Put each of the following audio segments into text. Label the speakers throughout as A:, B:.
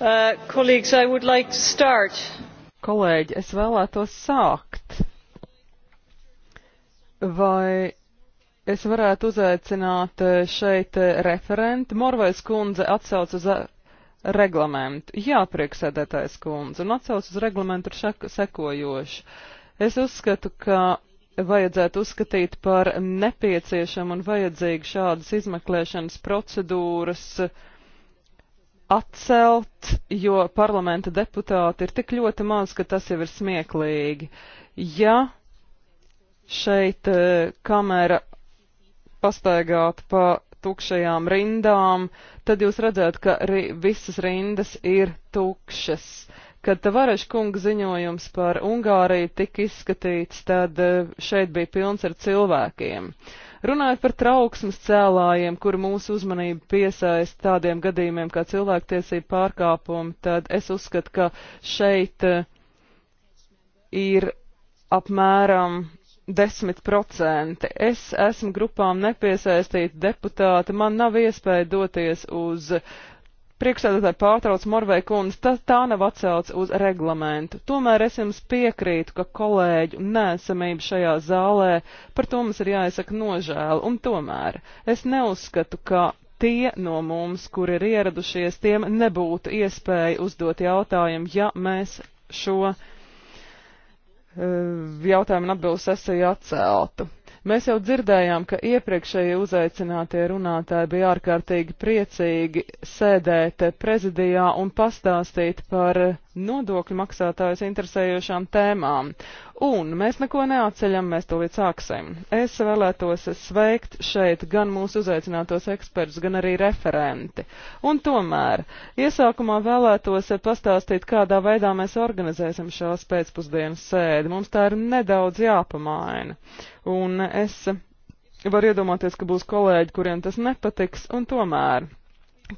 A: Uh, like
B: Kolēģi, es vēlētos sākt. Vai es varētu uzaicināt uh, šeit uh, referentu? Morvais kundze atsauc uz uh, reglamentu. Jā, prieksēdētājs kundze, un atsauc uz reglamentu ir sekojoši. Es uzskatu, ka vajadzētu uzskatīt par nepieciešamu un vajadzīgu šādas izmeklēšanas procedūras uh, atcelt, jo parlamenta deputāti ir tik ļoti maz, ka tas jau ir smieklīgi. Ja šeit e, kamera pastaigātu pa tukšajām rindām, tad jūs redzētu, ka ri, visas rindas ir tukšas. Kad Tavareša kunga ziņojums par Ungāriju tika izskatīts, tad e, šeit bija pilns ar cilvēkiem. Uh, Runājot par trauksmes cēlājiem, kur mūsu uzmanību piesaist tādiem gadījumiem kā cilvēktiesība pārkāpumi, tad es uzskatu, ka šeit eh, ir apmēram 10%. Es esmu grupām nepiesaistīta deputāta, man nav iespēja doties uz uh, Priekšsēdētāji pārtrauc Morvei kundze, tā, tā nav atsauc uz reglamentu. Tomēr es jums piekrītu, ka kolēģu nēsamība šajā zālē, par to mums ir jāizsaka nožēla, un tomēr es neuzskatu, ka tie no mums, kuri ir ieradušies, tiem nebūtu iespēja uzdot jautājumu, ja mēs šo uh, jautājumu un atbildu sesiju atceltu. Mēs jau dzirdējām, ka iepriekšējie uzaicinātie runātāji bija ārkārtīgi priecīgi sēdēt prezidijā un pastāstīt par nodokļu maksātājus interesējošām tēmām. Un mēs neko neatceļam, mēs to līdz sāksim. Es vēlētos sveikt šeit gan mūsu uzaicinātos ekspertus, gan arī referenti. Un tomēr, iesākumā vēlētos pastāstīt, kādā veidā mēs organizēsim šās pēcpusdienas sēdi. Mums tā ir nedaudz jāpamaina. Un es varu iedomāties, ka būs kolēģi, kuriem tas nepatiks, un tomēr.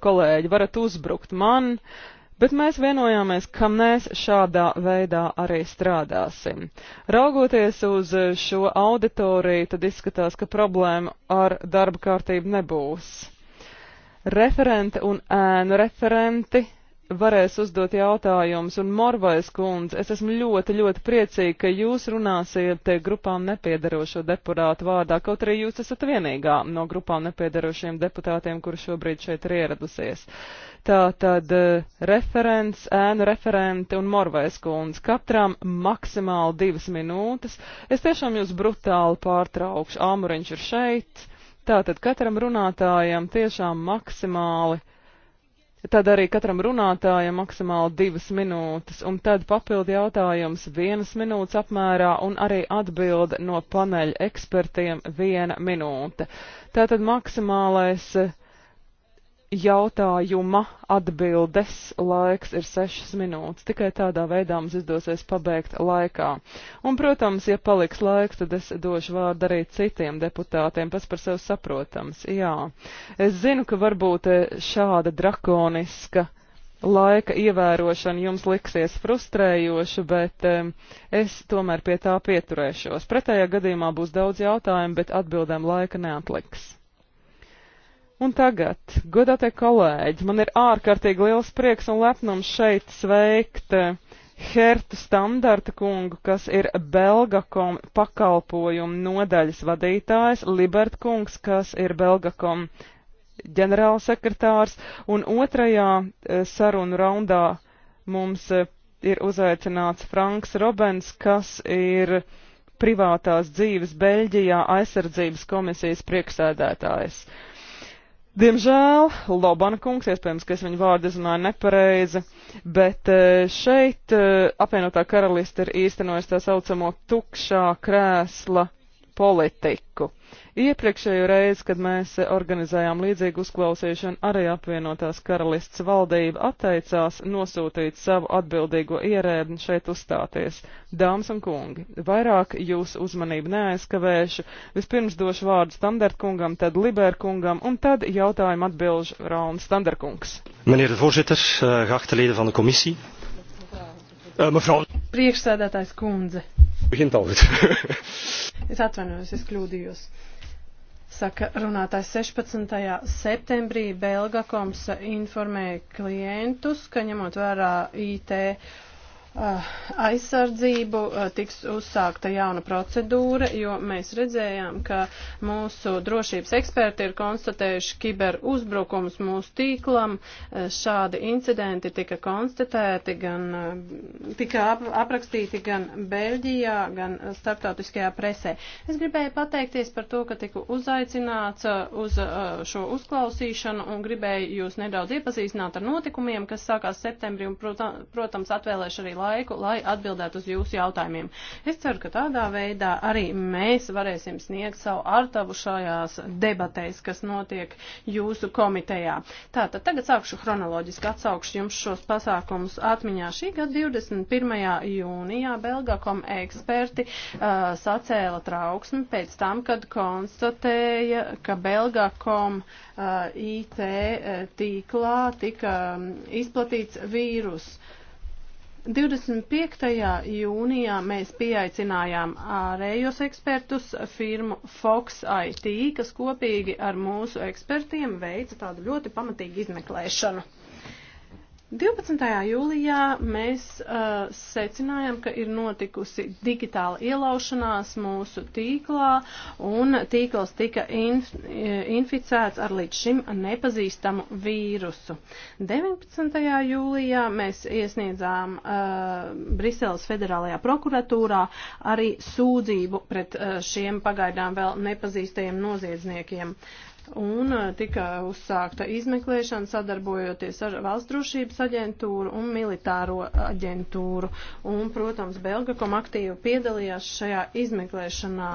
B: Kolēģi, varat uzbrukt man, uh, Bet mēs vienojāmies, ka mēs šādā veidā arī strādāsim. Raugoties uz šo auditoriju, tad izskatās, ka problēma ar darba kārtību nebūs. Referente un ēnu referenti varēs uzdot jautājumus, un Morvais kundze, es esmu ļoti, ļoti priecīga, ka jūs runāsiet grupām nepiedarošo deputātu vārdā, kaut arī jūs esat vienīgā no grupām nepiedarošiem deputātiem, kur šobrīd šeit ir ieradusies. Tā tad eh, referents, ēnu referenti un Morvais kundze, katram maksimāli divas minūtes. Es tiešām jūs brutāli pārtraukšu, āmuriņš ir šeit, tātad katram runātājam tiešām maksimāli Tad arī katram runātājam maksimāli divas minūtes, un tad papildi jautājums vienas minūtes apmērā, un arī atbilde no paneļa ekspertiem viena minūte. Tātad maksimālais jautājuma atbildes laiks ir 6 minūtes. Tikai tādā veidā mums izdosies pabeigt laikā. Un, protams, ja paliks laiks, tad es došu vārdu arī citiem deputātiem, pats par sevi saprotams. Jā, es zinu, ka varbūt šāda drakoniska laika ievērošana jums liksies frustrējoša, bet um, es tomēr pie tā pieturēšos. Pretējā gadījumā būs daudz jautājumu, bet atbildēm laika neatliks. Un tagad, godātie kolēģi, man ir ārkārtīgi liels prieks un lepnums šeit sveikt eh, Hertu Standarta kungu, kas ir Belgakom pakalpojumu nodaļas vadītājs, Libert kungs, kas ir Belgakom ģenerālsekretārs, un otrajā eh, sarunu raundā mums eh, ir uzaicināts Franks Robens, kas ir privātās dzīves Beļģijā aizsardzības komisijas priekšsēdētājs. Uh, Diemžēl Lobana kungs, iespējams, ka es viņu vārdu izrunāju nepareizi, bet e, šeit e, apvienotā karaliste ir īstenojusi tā saucamo tukšā krēsla politiku. Iepriekšējo reizi, kad mēs organizējām līdzīgu uzklausīšanu, arī apvienotās karalists valdība atteicās nosūtīt savu atbildīgo ierēdni šeit uzstāties. Dāmas un kungi, vairāk jūsu uzmanību neaizkavēšu, vispirms došu vārdu standartkungam, tad liberkungam un tad jautājumu atbilžu raunu
C: standartkungs.
D: Meneer de voorzitter, eh, geachte leden van de commissie. Uh, mevrouw.
C: Priekšsēdētājs kundze. es atvainojos, es kļūdījos. Saka, runātājs 16. septembrī Belgakoms informēja klientus, ka ņemot vērā IT Ah, aizsardzību ah, tiks uzsākta jauna procedūra, jo mēs redzējām, ka mūsu drošības eksperti ir konstatējuši kiberuzbrukums mūsu tīklam. Ah, šādi incidenti tika konstatēti, gan, tika ap, aprakstīti gan Beļģijā, gan starptautiskajā presē. Es gribēju pateikties par to, ka tiku uzaicināts uz šo uzklausīšanu un gribēju jūs nedaudz iepazīstināt ar notikumiem, kas sākās septembrī un, protams, atvēlēšu arī laiku, lai atbildētu uz jūsu jautājumiem. Es ceru, ka tādā veidā arī mēs varēsim sniegt savu artavu šajās debatēs, kas notiek jūsu komitejā. Tātad tagad sākšu chronoloģiski atsaukšu jums šos pasākumus atmiņā. Šī gada 21. jūnijā Belgakom eksperti uh, sacēla trauksmi pēc tam, kad konstatēja, ka Belgakom uh, IT uh, tīklā tika um, izplatīts vīrus. Uh, 25. jūnijā mēs pieaicinājām ārējos ekspertus firmu Fox IT, kas kopīgi ar mūsu ekspertiem veica tādu ļoti pamatīgu izmeklēšanu. 12. jūlijā mēs uh, secinājām, ka ir notikusi digitāla ielaušanās mūsu tīklā, un tīkls tika inf eh, inficēts ar līdz šim nepazīstamu vīrusu. 19. jūlijā mēs iesniedzām uh, Briseles federālajā prokuratūrā arī sūdzību pret uh, šiem pagaidām vēl nepazīstajiem noziedzniekiem. Uh, un eh, tika uzsākta izmeklēšana sadarbojoties ar valsts drošības aģentūru un militāro aģentūru. Un, protams, Belgakom aktīvi piedalījās šajā izmeklēšanā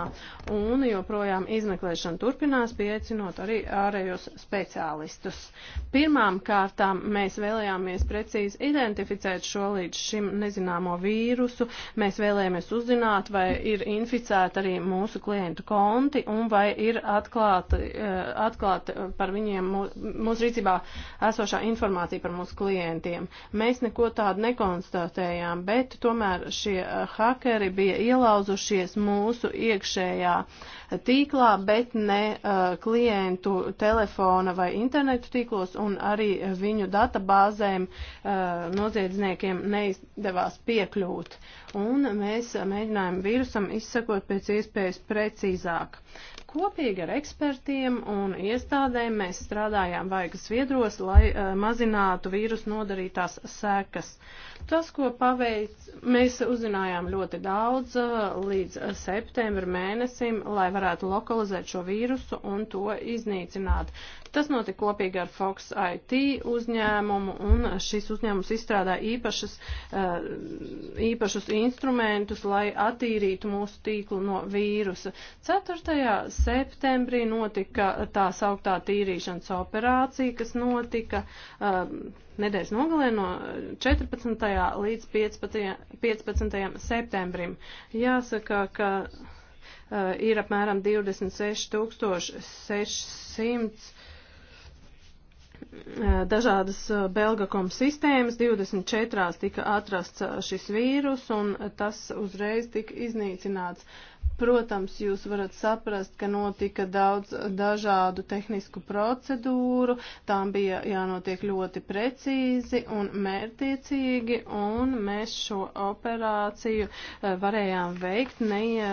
C: un joprojām izmeklēšana turpinās, pieaicinot arī ārējos speciālistus. Pirmām kārtām mēs vēlējāmies precīzi identificēt šo līdz šim nezināmo vīrusu. Mēs vēlējāmies uzzināt, vai ir inficēta arī mūsu klientu konti un vai ir atklāti. Uh, atklāt eh, par viņiem mūsu rīcībā esošā informācija par mūsu klientiem. Mēs neko tādu nekonstatējām, bet tomēr šie eh, hakeri bija ielauzušies mūsu iekšējā tīklā, bet ne eh, klientu telefona vai internetu tīklos un arī viņu databāzēm noziedzniekiem neizdevās piekļūt. Un mēs mēģinājām vīrusam izsakot pēc iespējas precīzāk. Kopīgi ar ekspertiem un iestādēm mēs strādājām vaigas viedros, lai eh, mazinātu vīrusu nodarītās sekas. Uh, Tas, ko paveic, mēs uzzinājām ļoti daudz uh, līdz septembra mēnesim, lai varētu lokalizēt šo vīrusu un to iznīcināt. Tas notika kopīgi ar Fox IT uzņēmumu, un šis uzņēmums izstrādā īpašas, uh, īpašus instrumentus, lai attīrītu mūsu tīklu no vīrusa. 4. septembrī notika tā sauktā tīrīšanas operācija, kas notika. Uh, nedēļas nogalē no 14. līdz 15. 15. septembrim. Jāsaka, ka uh, ir apmēram 26600 dažādas Belgakom sistēmas, 24 tika atrasts šis vīrus un tas uzreiz tika iznīcināts. Protams, jūs varat saprast, ka notika daudz dažādu tehnisku procedūru, tām bija jānotiek ļoti precīzi un mērtiecīgi, un mēs šo operāciju eh, varējām veikt neie,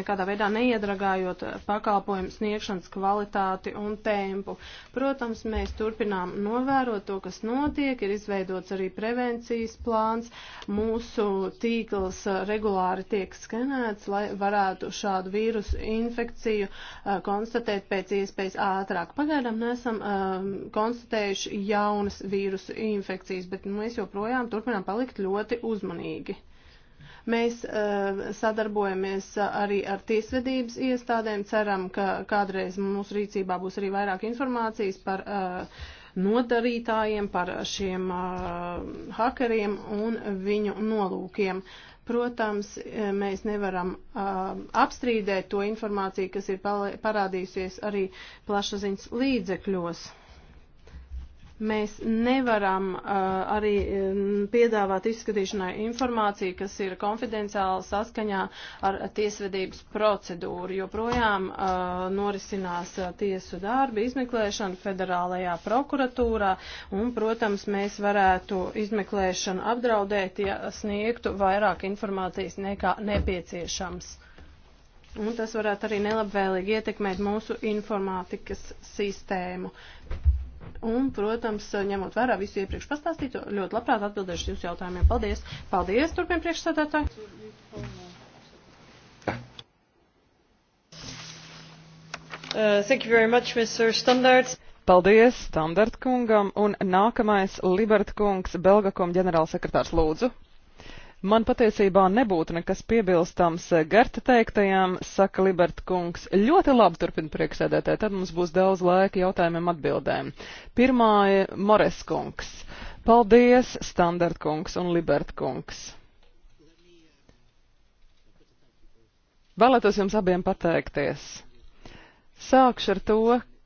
C: nekādā veidā neiedragājot pakalpojumu sniegšanas kvalitāti un tempu. Protams, mēs turpinām novērot to, kas notiek, ir izveidots arī prevencijas plāns, mūsu tīkls eh, regulāri tiek skenēts, lai varētu varētu šādu vīrusu infekciju uh, konstatēt pēc iespējas ātrāk. Pagaidām nesam um, konstatējuši jaunas vīrusu infekcijas, bet nu, mēs joprojām turpinām palikt ļoti uzmanīgi. Mēs uh, sadarbojamies arī ar tiesvedības iestādēm, ceram, ka kādreiz mūsu rīcībā būs arī vairāk informācijas par uh, nodarītājiem, par šiem uh, hakeriem un viņu nolūkiem. Uh, Protams, eh, mēs nevaram uh, apstrīdēt to informāciju, kas ir parādījusies arī plašsaziņas līdzekļos. Mēs nevaram uh, arī um, piedāvāt izskatīšanai informāciju, kas ir konfidenciāla saskaņā ar tiesvedības procedūru. Joprojām uh, norisinās uh, tiesu darbi, izmeklēšana federālajā prokuratūrā un, protams, mēs varētu izmeklēšanu apdraudēt, ja sniegtu vairāk informācijas nekā nepieciešams. Un tas varētu arī nelabvēlīgi ietekmēt mūsu informātikas sistēmu. Un, protams, ņemot vērā visu iepriekš pastāstīto, ļoti labprāt atbildēšu jūsu jautājumiem. Paldies! Paldies, turpin priekšsēdētāji!
B: Uh, thank you very much, Mr. Standards. Paldies Standartkungam un nākamais Libertkungs, Belgakom ģenerālsekretārs Lūdzu. Man patiesībā nebūtu nekas piebilstams Gerta teiktajām, saka Liberta kungs. Ļoti labi turpina priekšsēdētāji, tad mums būs daudz laika jautājumiem atbildēm. Pirmā - Mores kungs. Paldies, Standart kungs un Liberta kungs. Vēlētos jums abiem pateikties. Sākšu ar to,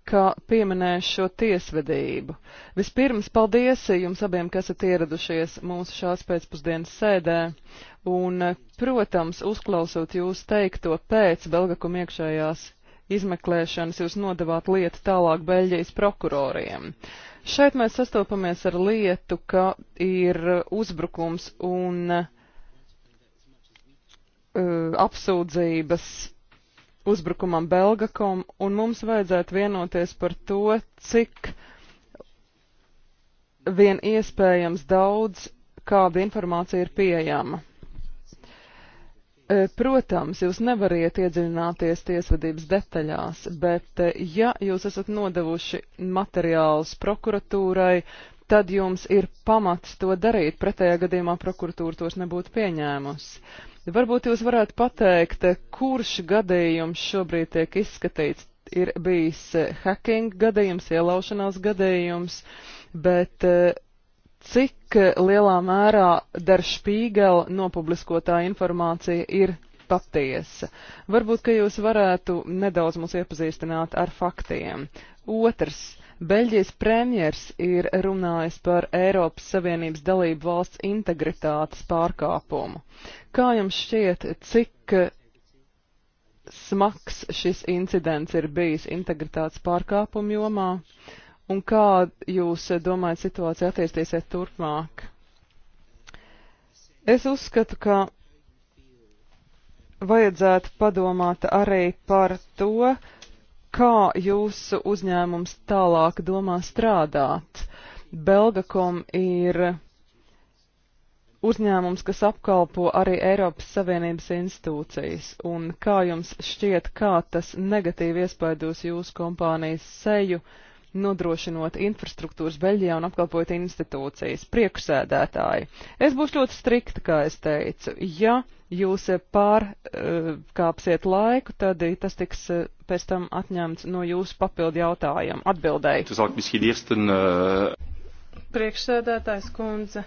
B: ka pieminēšu šo tiesvedību. Vispirms paldies jums abiem, kas esat ieradušies mūsu šās pēcpusdienas sēdē, un, protams, uzklausot jūs teikto pēc Belgakum iekšējās izmeklēšanas, jūs nodevāt lietu tālāk Beļģijas prokuroriem. Šeit mēs sastopamies ar lietu, ka ir uzbrukums un uh, apsūdzības uzbrukumam Belgakom, un mums vajadzētu vienoties par to, cik vien iespējams daudz kāda informācija ir pieejama. E, protams, jūs nevariet iedziļināties tiesvedības detaļās, bet e, ja jūs esat nodevuši materiālus prokuratūrai, tad jums ir pamats to darīt, pretējā gadījumā prokuratūra tos nebūtu pieņēmusi. Varbūt jūs varētu pateikt, kurš gadījums šobrīd tiek izskatīts? Ir bijis eh, hacking gadījums, ielaušanās gadījums, bet eh, cik lielā mērā der špīgela nopubliskotā informācija ir patiesa. Varbūt, ka jūs varētu nedaudz mūs iepazīstināt ar faktiem. Otrs. Beļģijas premjers ir runājis par Eiropas Savienības dalību valsts integritātes pārkāpumu. Kā jums šķiet, cik smags šis incidents ir bijis integritātes pārkāpumu jomā? Un kā jūs domājat situācija attīstīsies turpmāk? Es uzskatu, ka vajadzētu padomāt arī par to, kā jūsu uzņēmums tālāk domā strādāt. Belgakom ir uzņēmums, kas apkalpo arī Eiropas Savienības institūcijas, un kā jums šķiet, kā tas negatīvi iespaidos jūsu kompānijas seju? Uh, nodrošinot infrastruktūras Beļģijā un apkalpojot institūcijas. Priekšsēdētāji, es būšu ļoti strikta, kā es teicu. Ja jūs pārkāpsiet eh, laiku, tad tas tiks eh, pēc tam atņemts no jūsu papildu jautājumu atbildēji.
E: Eh,
C: Priekšsēdētājs kundze.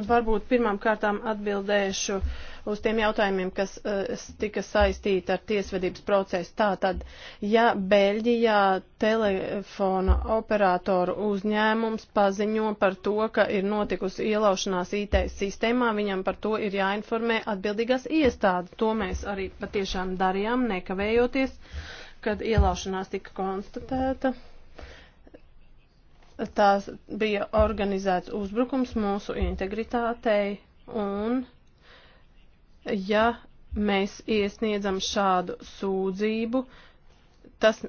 C: Varbūt pirmām kārtām atbildēšu uh, uz tiem jautājumiem, kas eh, tika saistīti ar tiesvedības procesu. Tātad, ja Beļģijā telefona operatoru uzņēmums paziņo par to, ka ir notikusi ielaušanās IT sistēmā, viņam par to ir jāinformē atbildīgās iestādes. To mēs arī patiešām darījām, nekavējoties, kad ielaušanās tika konstatēta tās bija organizēts uzbrukums mūsu integritātei un ja mēs iesniedzam šādu sūdzību, tas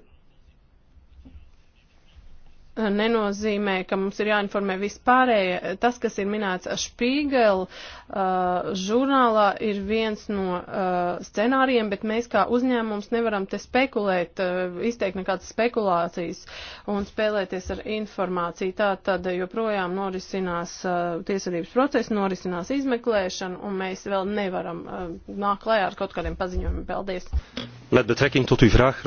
C: nenozīmē, ka mums ir jāinformē vispārējie. Tas, kas ir minēts Špīgel uh, žurnālā, ir viens no uh, scenārijiem, bet mēs kā uzņēmums nevaram te spekulēt, uh, izteikt nekādas spekulācijas un spēlēties ar informāciju. Tā tad joprojām norisinās uh, tiesvedības procesi, norisinās izmeklēšana, un mēs vēl nevaram uh, nākt klajā ar kaut kādiem paziņojumiem. Paldies!
D: Let betrekking tot uw vraag,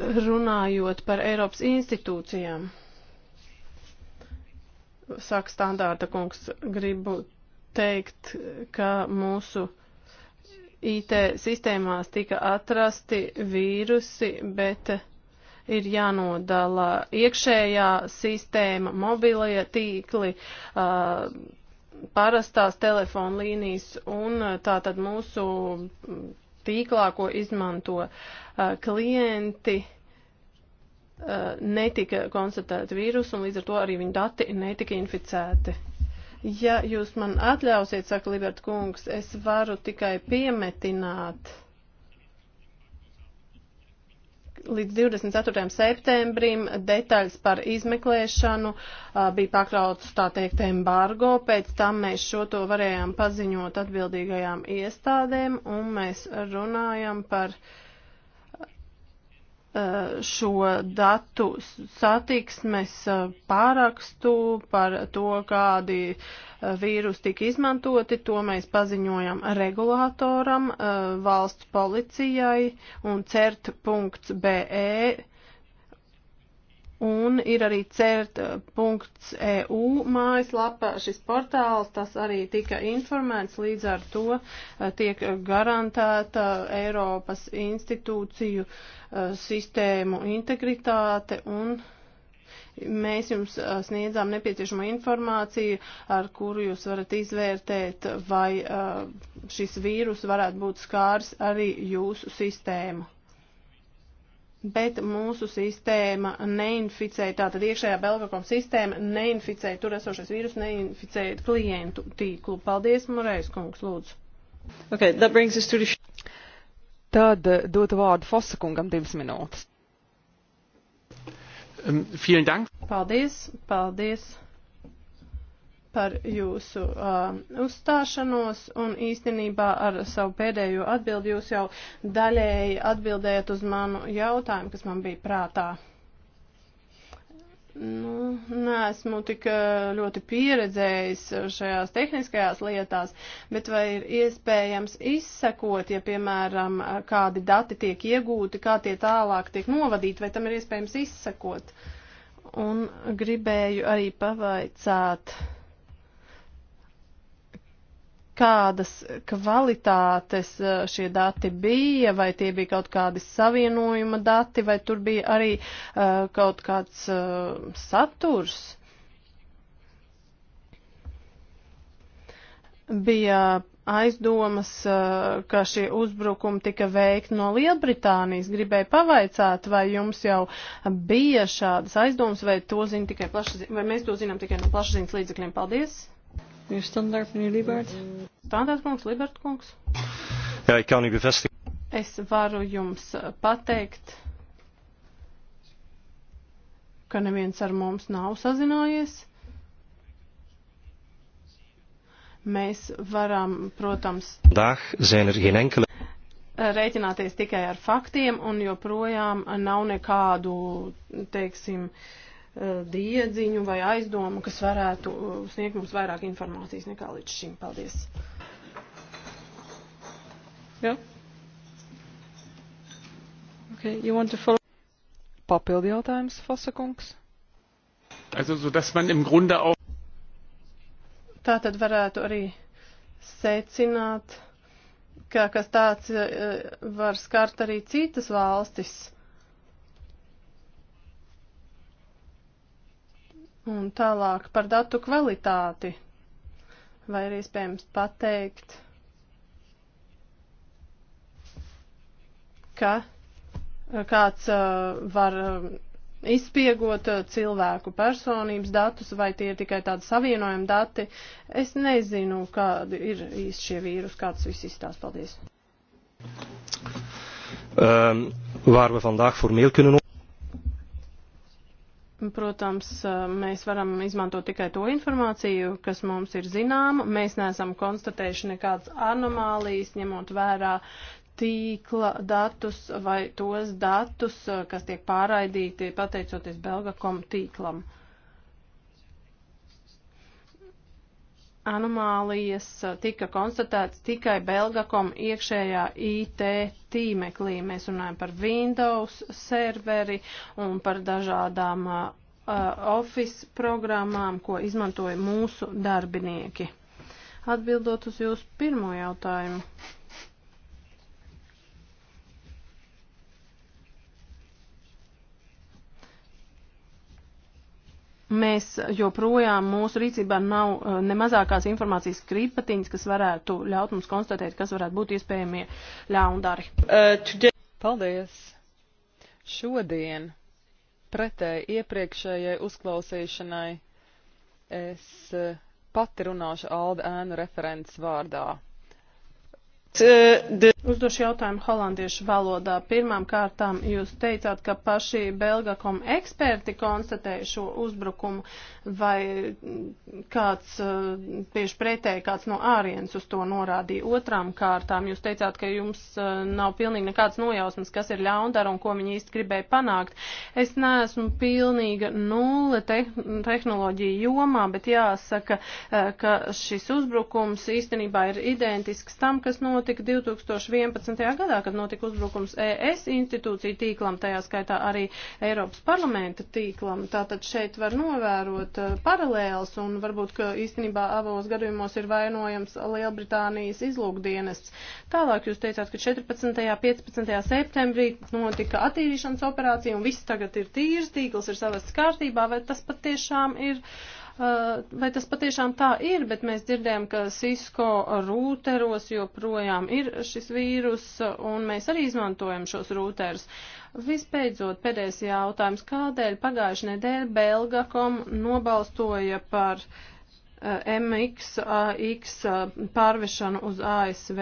C: runājot par Eiropas institūcijām, saka standārta kungs, gribu teikt, ka mūsu IT sistēmās tika atrasti vīrusi, bet ir jānodala iekšējā sistēma, mobilie tīkli, parastās telefona līnijas un tātad mūsu tīklā, ko izmanto uh, klienti, uh, netika konstatēta vīrusu un līdz ar to arī viņu dati netika inficēti. Ja jūs man atļausiet, saka Liberta kungs, es varu tikai piemetināt. Uh, Līdz 24. septembrim detaļas par izmeklēšanu bija pakļauts, tā teikt, embargo, pēc tam mēs šo to varējām paziņot atbildīgajām iestādēm, un mēs runājam par uh, Eh, šo datu satiksmes eh, pārakstu par to, kādi eh, vīrusi tika izmantoti, to mēs paziņojam regulātoram, valsts policijai un cert.be Un ir arī cert.eu mājaslapa, šis portāls, tas arī tika informēts, līdz ar to eh, tiek garantēta Eiropas institūciju eh, sistēmu integritāte un mēs jums eh, sniedzām nepieciešamo informāciju, ar kuru jūs varat izvērtēt, vai šis vīrus varētu būt skārs arī jūsu sistēmu. Bet mūsu sistēma neinficēja, tātad iekšējā Belgakom sistēma neinficēja tur esošais vīrus, neinficēja klientu tīklu. Paldies, Morais kungs, lūdzu.
B: Okay, that brings us to the... Tad eh, dotu vārdu Fosakungam divas minūtes.
E: Um, vielen Dank.
C: Paldies, paldies par jūsu uh, uzstāšanos un īstenībā ar savu pēdējo atbildi jūs jau daļēji atbildējat uz manu jautājumu, kas man bija prātā. Nu, neesmu tik uh, ļoti pieredzējis šajās tehniskajās lietās, bet vai ir iespējams izsekot, ja, piemēram, kādi dati tiek iegūti, kā tie tālāk tiek novadīti, vai tam ir iespējams izsekot? Un gribēju arī pavaicāt. Uh, kādas kvalitātes eh, šie dati bija, vai tie bija kaut kādi savienojuma dati, vai tur bija arī uh, kaut kāds uh, saturs. Bija aizdomas, uh, ka šie uzbrukumi tika veikti no Lielbritānijas. Gribēju pavaicāt, vai jums jau bija šādas aizdomas, vai, to tikai plaša, vai mēs to zinām tikai no plašsaziņas līdzekļiem. Paldies! Meneer Standaard, meneer Liebert. Standaard kungs, Liebert kungs.
D: Jā, ik kan u bevestigen.
C: Es varu jums uh, pateikt, ka neviens ar mums nav sazinājies. Mēs varam, protams, Dag
D: zijn er geen enkele...
C: Uh, rēķināties tikai ar faktiem un joprojām nav nekādu, teiksim, uh, diedziņu vai aizdomu, kas varētu uh, sniegt mums vairāk informācijas nekā līdz šim. Paldies! Yeah. Okay, you want to follow? Papildi jautājums, Fosakungs.
E: Also, so dass man im Grunde auch.
C: Tā tad varētu arī secināt, ka kas tāds uh, var skart arī citas valstis. Un tālāk par datu kvalitāti. Vai ir iespējams pateikt, ka eh, kāds uh, var eh, izspiegot cilvēku personības datus, vai tie ir tikai tādi savienojumi dati. Es nezinu, kādi ir īsti šie vīrusi, kāds viss izstāsta. Paldies.
D: Um, waar we vandaag formeel kunnen
C: Protams, mēs varam izmantot tikai to informāciju, kas mums ir zināma. Mēs neesam konstatējuši nekādas anomālijas, ņemot vērā tīkla datus vai tos datus, kas tiek pārraidīti pateicoties Belgakom tīklam. anomālijas eh, tika konstatētas tikai Belgakom iekšējā IT tīmeklī. Mēs runājam par Windows serveri un par dažādām uh, Office programmām, ko izmantoja mūsu darbinieki. Atbildot uz jūsu pirmo jautājumu. mēs joprojām mūsu rīcībā nav eh, ne mazākās informācijas krītpatiņas, kas varētu ļaut mums konstatēt, kas varētu būt iespējamie ļaundari. Uh, Paldies! Šodien pretēji iepriekšējai
B: uzklausīšanai es eh, pati runāšu Alda ēnu referents
C: vārdā de... Uh, Uzdošu jautājumu holandiešu valodā. Pirmām kārtām jūs teicāt, ka paši Belgakom eksperti konstatēja šo uzbrukumu vai kāds tieši uh, pretēji kāds no ārienes uz to norādīja. Otrām kārtām jūs teicāt, ka jums uh, nav pilnīgi nekāds nojausmas, kas ir ļaundara un ko viņi īsti gribēja panākt. Es neesmu pilnīga nulle tehnoloģija jomā, bet jāsaka, ka šis uzbrukums īstenībā ir identisks tam, kas notiek notika 2011. gadā, kad notika uzbrukums ES institūciju tīklam, tajā skaitā arī Eiropas parlamenta tīklam. Tātad šeit var novērot eh, paralēls un varbūt, ka īstenībā abos gadījumos ir vainojams Lielbritānijas izlūkdienests. Tālāk jūs teicāt, ka 14. 15. septembrī notika attīrīšanas operācija un viss tagad ir tīrs, tīkls ir savas kārtībā, vai tas patiešām ir Eh, vai tas patiešām tā ir, bet mēs dzirdējam, ka Cisco rūteros joprojām ir šis vīrus, un mēs arī izmantojam šos rūterus. Vispēdzot, pēdējais jautājums, kādēļ pagājušajā nedēļā Belgakom nobalstoja par eh, MX, AX eh, pārvešanu uz ASV,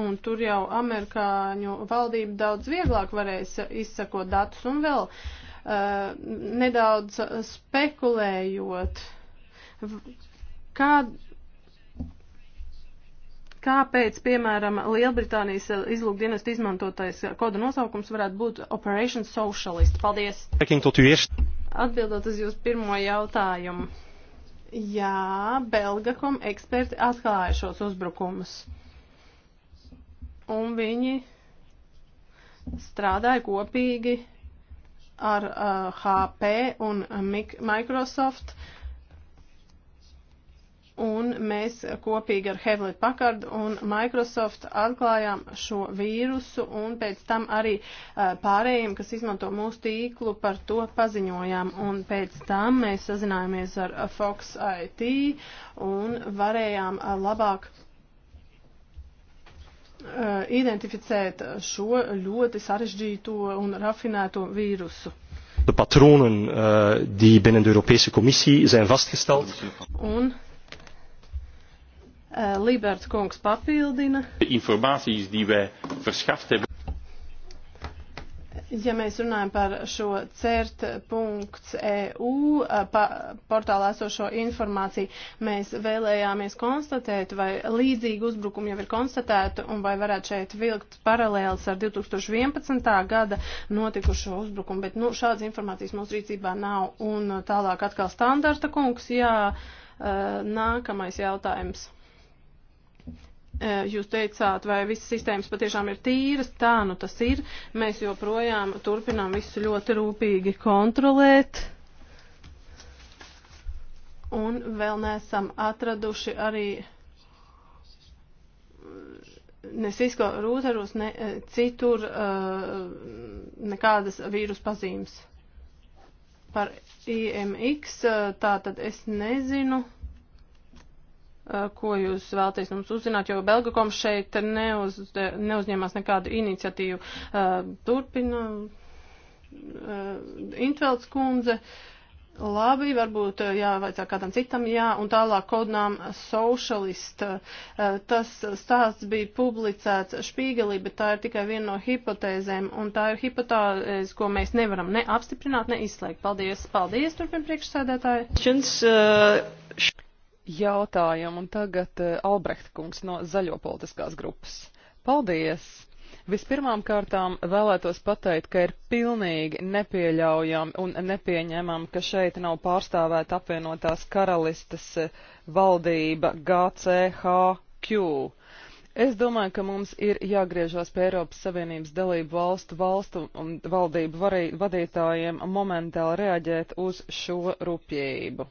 C: un tur jau amerikāņu valdība daudz vieglāk varēs izsakot datus un vēl uh, nedaudz spekulējot. Kā, kāpēc, piemēram, Lielbritānijas izlūkdienas izmantotais koda nosaukums varētu būt Operation Socialist? Paldies! Atbildot uz jūsu pirmo jautājumu. Jā, Belgakom eksperti atklāja šos uzbrukumus. Un viņi strādāja kopīgi ar uh, HP un Microsoft. Uh, Un mēs kopīgi ar Hewlett Packard un Microsoft atklājām šo vīrusu un pēc tam arī eh, pārējiem, kas izmanto mūsu tīklu, par to paziņojām. Un pēc tam mēs sazinājāmies ar eh, Fox IT un varējām eh, labāk identificēt šo ļoti sarežģīto un rafinēto vīrusu
D: de patronen uh, die binnen de Europese Commissie
E: zijn vastgesteld.
C: Un Eh, Liberts kungs papildina.
E: Informācijas divē verschafte.
C: Ja mēs runājam par šo cert.eu eh, portālā esošo informāciju, mēs vēlējāmies konstatēt, vai līdzīgi uzbrukumi jau ir konstatēti un vai varētu šeit vilkt paralēlis ar 2011. gada notikušo uzbrukumu, bet nu, šādas informācijas mūsu rīcībā nav. Un eh, tālāk atkal standarta kungs, jā, nākamais jautājums. Jūs teicāt, vai visas sistēmas patiešām ir tīras, tā nu tas ir. Mēs joprojām turpinām visu ļoti rūpīgi kontrolēt. Un vēl neesam atraduši arī mm, ne Cisco rūteros, ne citur nekādas vīrus pazīmes. Par IMX tā tad es nezinu. Eh, ko jūs vēlaties mums uzzināt, jo Belgakom šeit neuz, neuzņēmās nekādu iniciatīvu. Eh, turpina eh, Intvelds kundze. Labi, varbūt jāvaicā kādam citam, jā, un tālāk kodnām socialist. Tas stāsts bija publicēts Špīgelī, bet tā ir tikai viena no hipotēzēm, un tā ir hipotēze, ko mēs nevaram ne apstiprināt, ne izslēgt. Paldies, paldies, turpin
A: priekšsēdētāji
B: jautājumu, un tagad eh, Albrecht kungs no Zaļo politiskās grupas. Paldies! Vispirmām kārtām vēlētos pateikt, ka ir pilnīgi nepieļaujami un nepieņemami, ka šeit nav pārstāvēta apvienotās karalistes eh, valdība GCHQ. Es domāju, ka mums ir jāgriežās pie Eiropas Savienības dalību valstu valstu un valdību varī, vadītājiem momentāli reaģēt uz šo rupjību.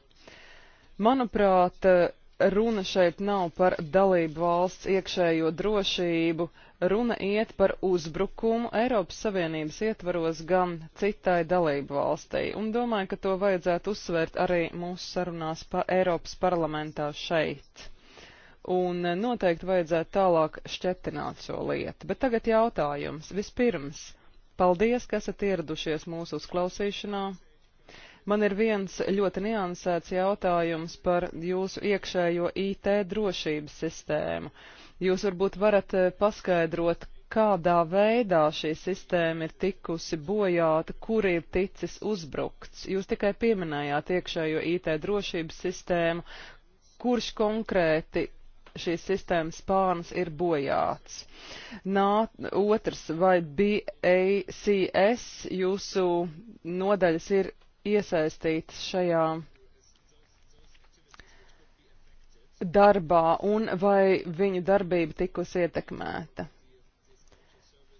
B: Manuprāt, eh, runa šeit nav par dalību valsts iekšējo drošību, runa iet par uzbrukumu Eiropas Savienības ietvaros gan citai dalību valstī, un domāju, ka to vajadzētu uzsvērt arī mūsu sarunās pa Eiropas parlamentā šeit. Un eh, noteikti vajadzētu tālāk šķetināt šo lietu. Bet tagad jautājums. Vispirms, paldies, ka esat ieradušies mūsu uzklausīšanā. Man ir viens ļoti niansēts jautājums par jūsu iekšējo IT drošības sistēmu. Jūs varbūt varat eh, paskaidrot, kādā veidā šī sistēma ir tikusi bojāta, kur ir ticis uzbrukts. Jūs tikai pieminējāt iekšējo IT drošības sistēmu, kurš konkrēti šīs sistēmas pārnes ir bojāts. Nā, otrs, vai BACS jūsu nodaļas ir iesaistītas šajā darbā un vai viņu darbība tikusi ietekmēta.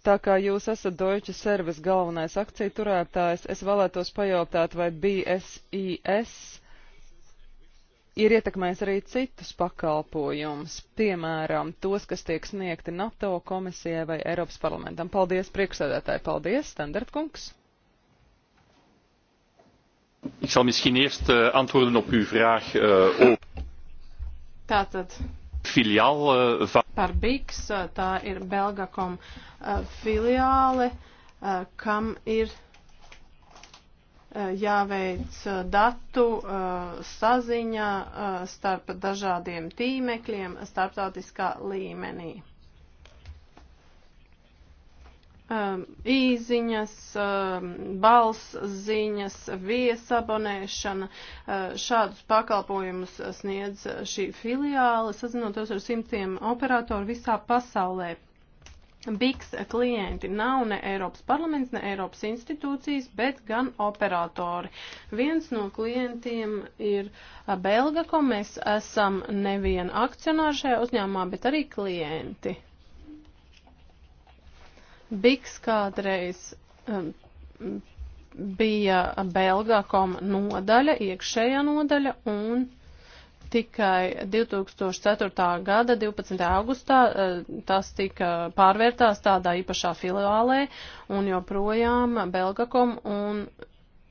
B: Tā kā jūs esat Deutsche Service galvenais akciju turētājs, es vēlētos pajautāt, vai BSIS ir ietekmējis arī citus pakalpojumus, piemēram, tos, kas tiek sniegti NATO komisijai vai Eiropas parlamentam. Paldies, priekšsēdētāji, paldies, standartkungs!
E: Ik zal misschien eerst uh, antwoorden op uw vraag uh, over. Tātad. Filiāl uh, eh, va...
C: par BIX, tā ir Belgakom uh, filiāle, uh, kam ir uh, jāveic uh, datu uh, saziņa uh, starp dažādiem tīmekļiem starptautiskā līmenī um, īziņas, um, balss ziņas, viesabonēšana. Uh, šādus pakalpojumus sniedz šī filiāla, sazinoties ar simtiem operatoru visā pasaulē. BICS klienti nav ne Eiropas parlaments, ne Eiropas institūcijas, bet gan operatori. Viens no klientiem ir Belgakom, mēs esam nevien akcionāri šajā uzņēmumā, bet arī klienti. Biks kādreiz um, bija Belgākom nodaļa, iekšējā nodaļa, un tikai 2004. gada 12. augustā eh, tas tika pārvērtās tādā īpašā filiālē, un joprojām Belgakom un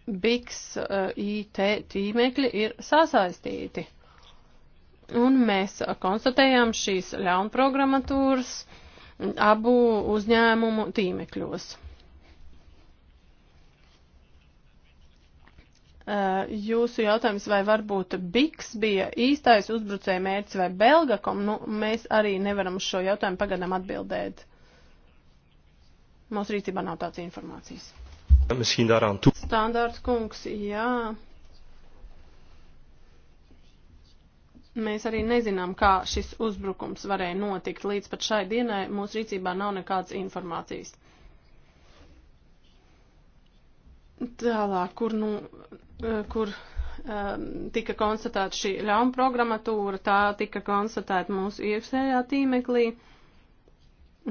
C: Biks eh, IT tīmekļi ir sasaistīti. Un mēs konstatējām šīs ļaunprogrammatūras programmatūras abu uzņēmumu tīmekļos. Jūsu jautājums, vai varbūt Biks bija īstais uzbrucēja mērķis vai Belgakom, nu, mēs arī nevaram uz šo jautājumu pagadam atbildēt. Mums rīcībā nav tāds informācijas. Standārts kungs, jā. Mēs arī nezinām, kā šis uzbrukums varēja notikt. Līdz pat šai dienai mūsu rīcībā nav nekādas informācijas. Tālāk, kur, nu, eh, kur eh, tika konstatēta šī ļaunprogrammatūra, tā tika konstatēta mūsu iekšējā tīmeklī.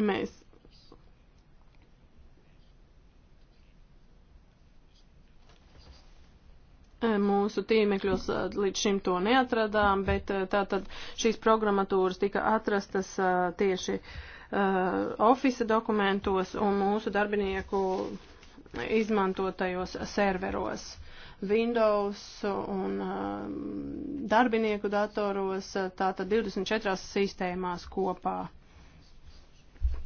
C: Mēs mūsu tīmekļos eh, līdz šim to neatradām, bet eh, tātad šīs programmatūras tika atrastas eh, tieši ofisa dokumentos un mūsu darbinieku izmantotajos serveros. Windows un darbinieku datoros, tātad 24 sistēmās kopā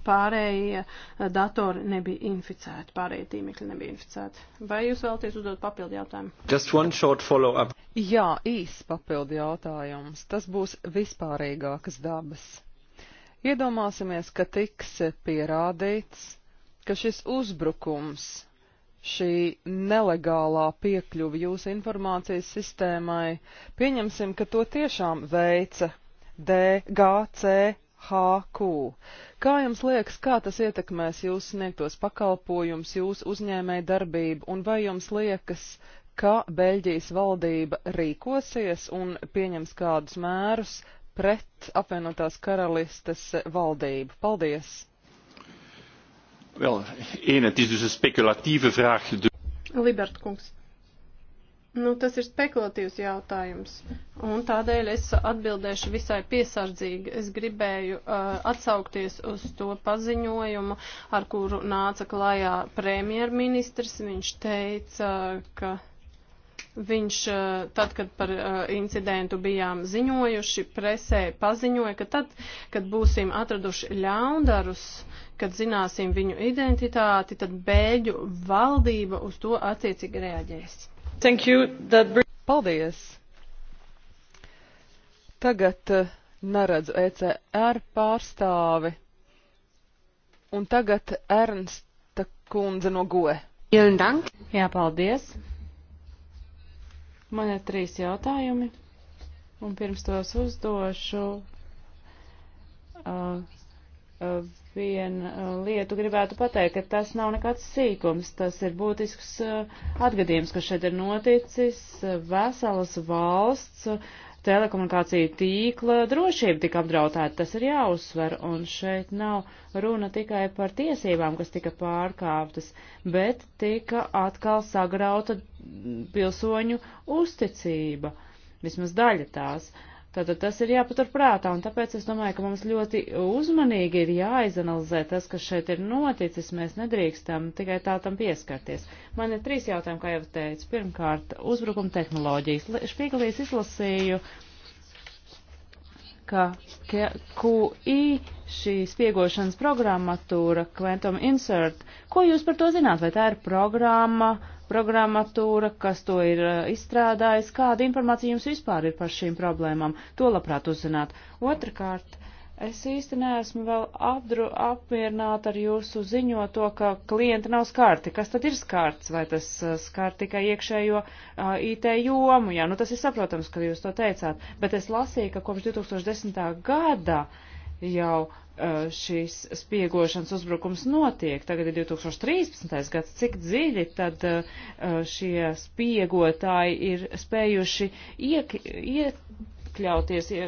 C: pārējie eh, datori nebija inficēti, pārējie tīmekļi nebija inficēti. Vai jūs vēlaties uzdot papildu jautājumu?
D: Just one short follow-up.
C: Jā, īs papildu
B: jautājums. Tas būs vispārīgākas dabas. Iedomāsimies, ka tiks pierādīts, ka šis uzbrukums, šī nelegālā piekļuva jūsu informācijas sistēmai, pieņemsim, ka to tiešām veica DGC HQ. Kā jums liekas, kā tas ietekmēs jūsu sniegtos pakalpojums, jūsu uzņēmēju darbību, un vai jums liekas, ka Beļģijas valdība rīkosies un pieņems kādus mērus pret apvienotās karalistes valdību? Paldies!
E: Wel, één, het is dus een speculatieve vraag.
C: Libert Kungs. Nu, tas ir spekulatīvs jautājums, un tādēļ es atbildēšu visai piesardzīgi. Es gribēju uh, atsaukties uz to paziņojumu, ar kuru nāca klajā premjerministrs. Viņš teica, ka viņš, uh, tad, kad par uh, incidentu bijām ziņojuši, presē paziņoja, ka tad, kad būsim atraduši ļaundarus, kad zināsim viņu identitāti, tad bēļu valdība uz to attiecīgi reaģēs. Thank you. That...
B: Paldies! Tagad uh, neredzu ECR pārstāvi. Un tagad Ernsta kundze
A: no GOE. Jā, paldies. Man ir trīs jautājumi. Un pirms tos uzdošu. Uh, uh, vienu uh, lietu gribētu pateikt, ka tas nav nekāds sīkums, tas ir būtisks uh, atgadījums, kas šeit ir noticis. Veselas valsts uh, telekomunikācija tīkla drošība tika apdrautēta, tas ir jāuzsver, un šeit nav runa tikai par tiesībām, kas tika pārkāptas, bet tika atkal sagrauta pilsoņu uzticība, vismaz daļa tās. Uh, Tātad tas ir jāpatur prātā, un tāpēc es domāju, ka mums ļoti uzmanīgi ir jāizanalizē tas, kas šeit ir noticis. Mēs nedrīkstam tikai tā tam pieskarties. Man ir trīs jautājumi, kā jau teicu. Pirmkārt, uzbrukuma tehnoloģijas. Špīgalīs izlasīju ka QI šī spiegošanas programmatūra, Quantum Insert, ko jūs par to zināt? Vai tā ir programma, programmatūra, kas to ir eh, izstrādājis? Kāda informācija jums vispār ir par šīm problēmām? To labprāt uzzināt. Otrakārt, Es īsti neesmu vēl apdru, apmierināta ar jūsu ziņoto, ka klienti nav skārti. Kas tad ir skārts? Vai tas uh, skār tikai iekšējo uh, IT jomu? Jā, nu tas ir saprotams, ka jūs to teicāt. Bet es lasīju, ka kopš 2010. gada jau uh, šīs spiegošanas uzbrukums notiek. Tagad ir 2013. gads. Cik dziļi tad uh, uh, šie spiegotāji ir spējuši iek, iekļauties? Ie,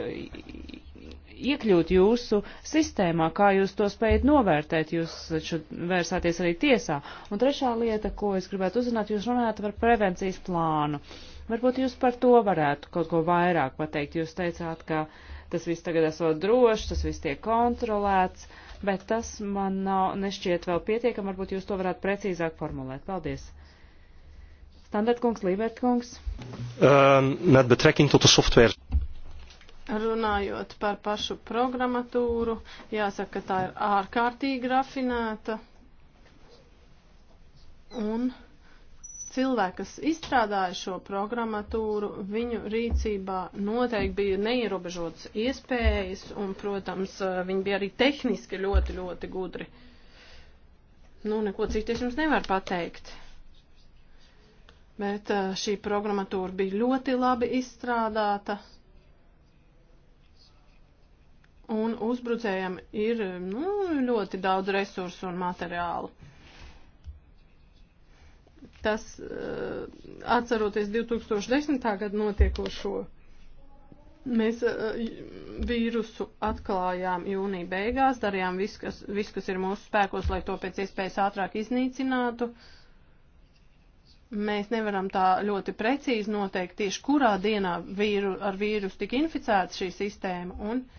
A: iekļūt jūsu sistēmā, kā jūs to spējat novērtēt, jūs taču vērsāties arī tiesā. Un trešā lieta, ko es gribētu uzzināt, jūs runājat par prevencijas plānu. Varbūt jūs par to varētu kaut ko vairāk pateikt. Jūs teicāt, ka tas viss tagad esot drošs, tas viss tiek kontrolēts, bet tas man nav, nešķiet vēl pietiekam, varbūt jūs to varētu precīzāk formulēt. Paldies! Standartkungs, Lībertkungs.
D: Um, uh, met betrekking tot de software.
A: Runājot par pašu programmatūru,
C: jāsaka, ka tā ir ārkārtīgi rafinēta un cilvēki, kas izstrādāja šo programmatūru, viņu rīcībā noteikti bija neierobežotas iespējas, un, protams, viņi bija arī tehniski ļoti, ļoti gudri. Nu, neko citu es jums nevaru pateikt. Bet eh, šī programmatūra bija ļoti labi izstrādāta un uzbrucējiem ir nu, ļoti daudz resursu un materiālu. Tas, eh, atceroties 2010. gadu notiekošo, mēs eh, vīrusu atklājām jūnija beigās, darījām visu, kas, visu, kas ir mūsu spēkos, lai to pēc iespējas ātrāk iznīcinātu. Mēs nevaram tā ļoti precīzi noteikt tieši, kurā dienā vīru, ar vīrusu tika inficēta šī sistēma. Un, uh,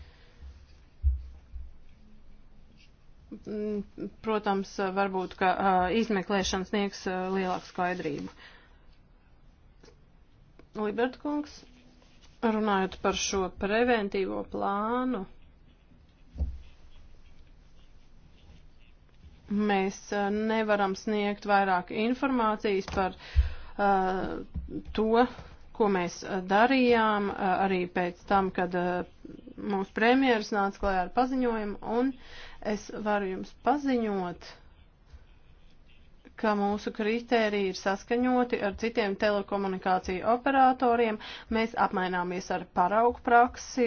C: Mm, protams, eh, varbūt, ka eh, izmeklēšanas sniegs eh, lielāku skaidrību. Libertkungs, runājot par šo preventīvo plānu, mēs nevaram sniegt vairāk informācijas par uh, to, ko mēs darījām, arī pēc tam, kad uh, mūsu premjeras nāca klajā ar paziņojumu, un uh, Es varu jums paziņot, ka mūsu kritēriji ir saskaņoti ar citiem telekomunikāciju operatoriem. Mēs apmaināmies ar paraugu praksi,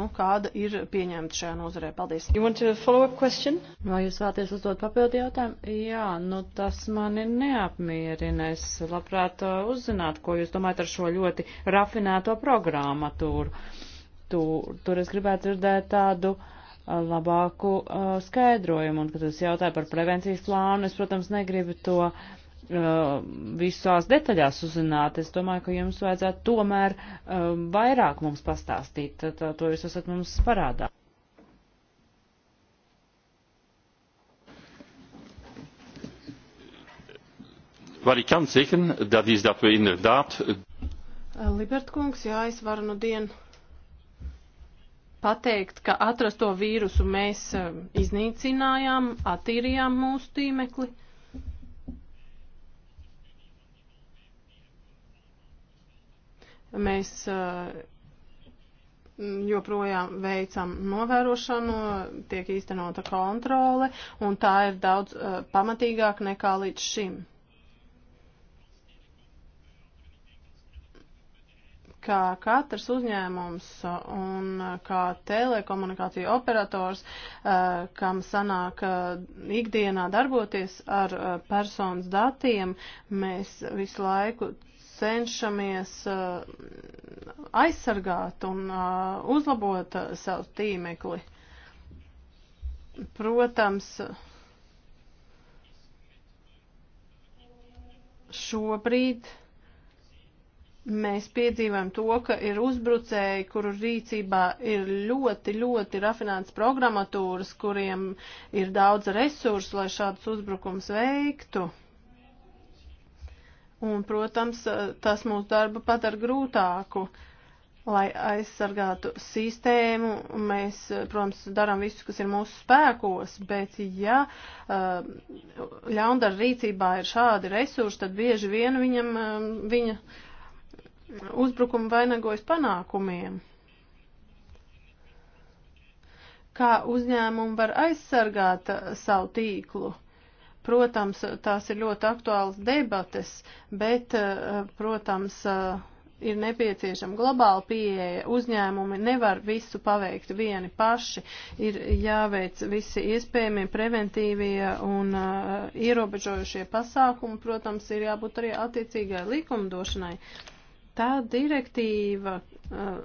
C: nu, kāda ir pieņemta šajā nozarē.
A: Paldies. Vai jūs vēlaties uzdot papildu jautājumu? Jā, nu tas mani neapmierina. Es labprāt uh, uzzinātu, ko jūs domājat ar šo ļoti rafinēto programmatūru. Tur, tur es gribētu dzirdēt tādu. Uh, labāku uh, skaidrojumu. Un, kad es jautāju par prevencijas plānu, es, protams, negribu to uh, visās detaļās uzzināt. Es domāju, ka jums vajadzētu tomēr uh, vairāk mums pastāstīt. Tā, tā, to jūs esat mums parādā.
E: Waar ik kan zeggen, dat is dat we inderdaad.
C: Libert kungs, jā, es varu nu dienu pateikt, ka atrasto vīrusu mēs eh, iznīcinājām, attīrījām mūsu tīmekli. Mēs eh, joprojām veicam novērošanu, tiek īstenota kontrole, un tā ir daudz eh, pamatīgāk nekā līdz šim. ka katrs uzņēmums un uh, kā telekomunikācija operators, uh, kam sanāk uh, ikdienā darboties ar personas datiem, mēs visu laiku cenšamies aizsargāt un uzlabot savu tīmekli. Protams, šobrīd mēs piedzīvojam to, ka ir uzbrucēji, kuru rīcībā ir ļoti, ļoti rafinēts programmatūras, kuriem ir daudz resursu, lai šādus uzbrukums veiktu. Un, protams, tas mūsu darbu padara grūtāku. Lai aizsargātu sistēmu, mēs, protams, darām visu, kas ir mūsu spēkos, bet ja uh, ļaundara rīcībā ir šādi resursi, tad bieži vien viņam, um, viņa uzbrukumi vainagojas panākumiem. Kā uzņēmumi var aizsargāt uh, savu tīklu? Protams, tās ir ļoti aktuālas debates, bet, uh, protams, uh, ir nepieciešama globāla pieeja. Uzņēmumi nevar visu paveikt vieni paši. Ir jāveic visi iespējamie preventīvie un uh, ierobežojušie pasākumi. Protams, ir jābūt arī attiecīgai likumdošanai. Uh, Tā direktīva, eh,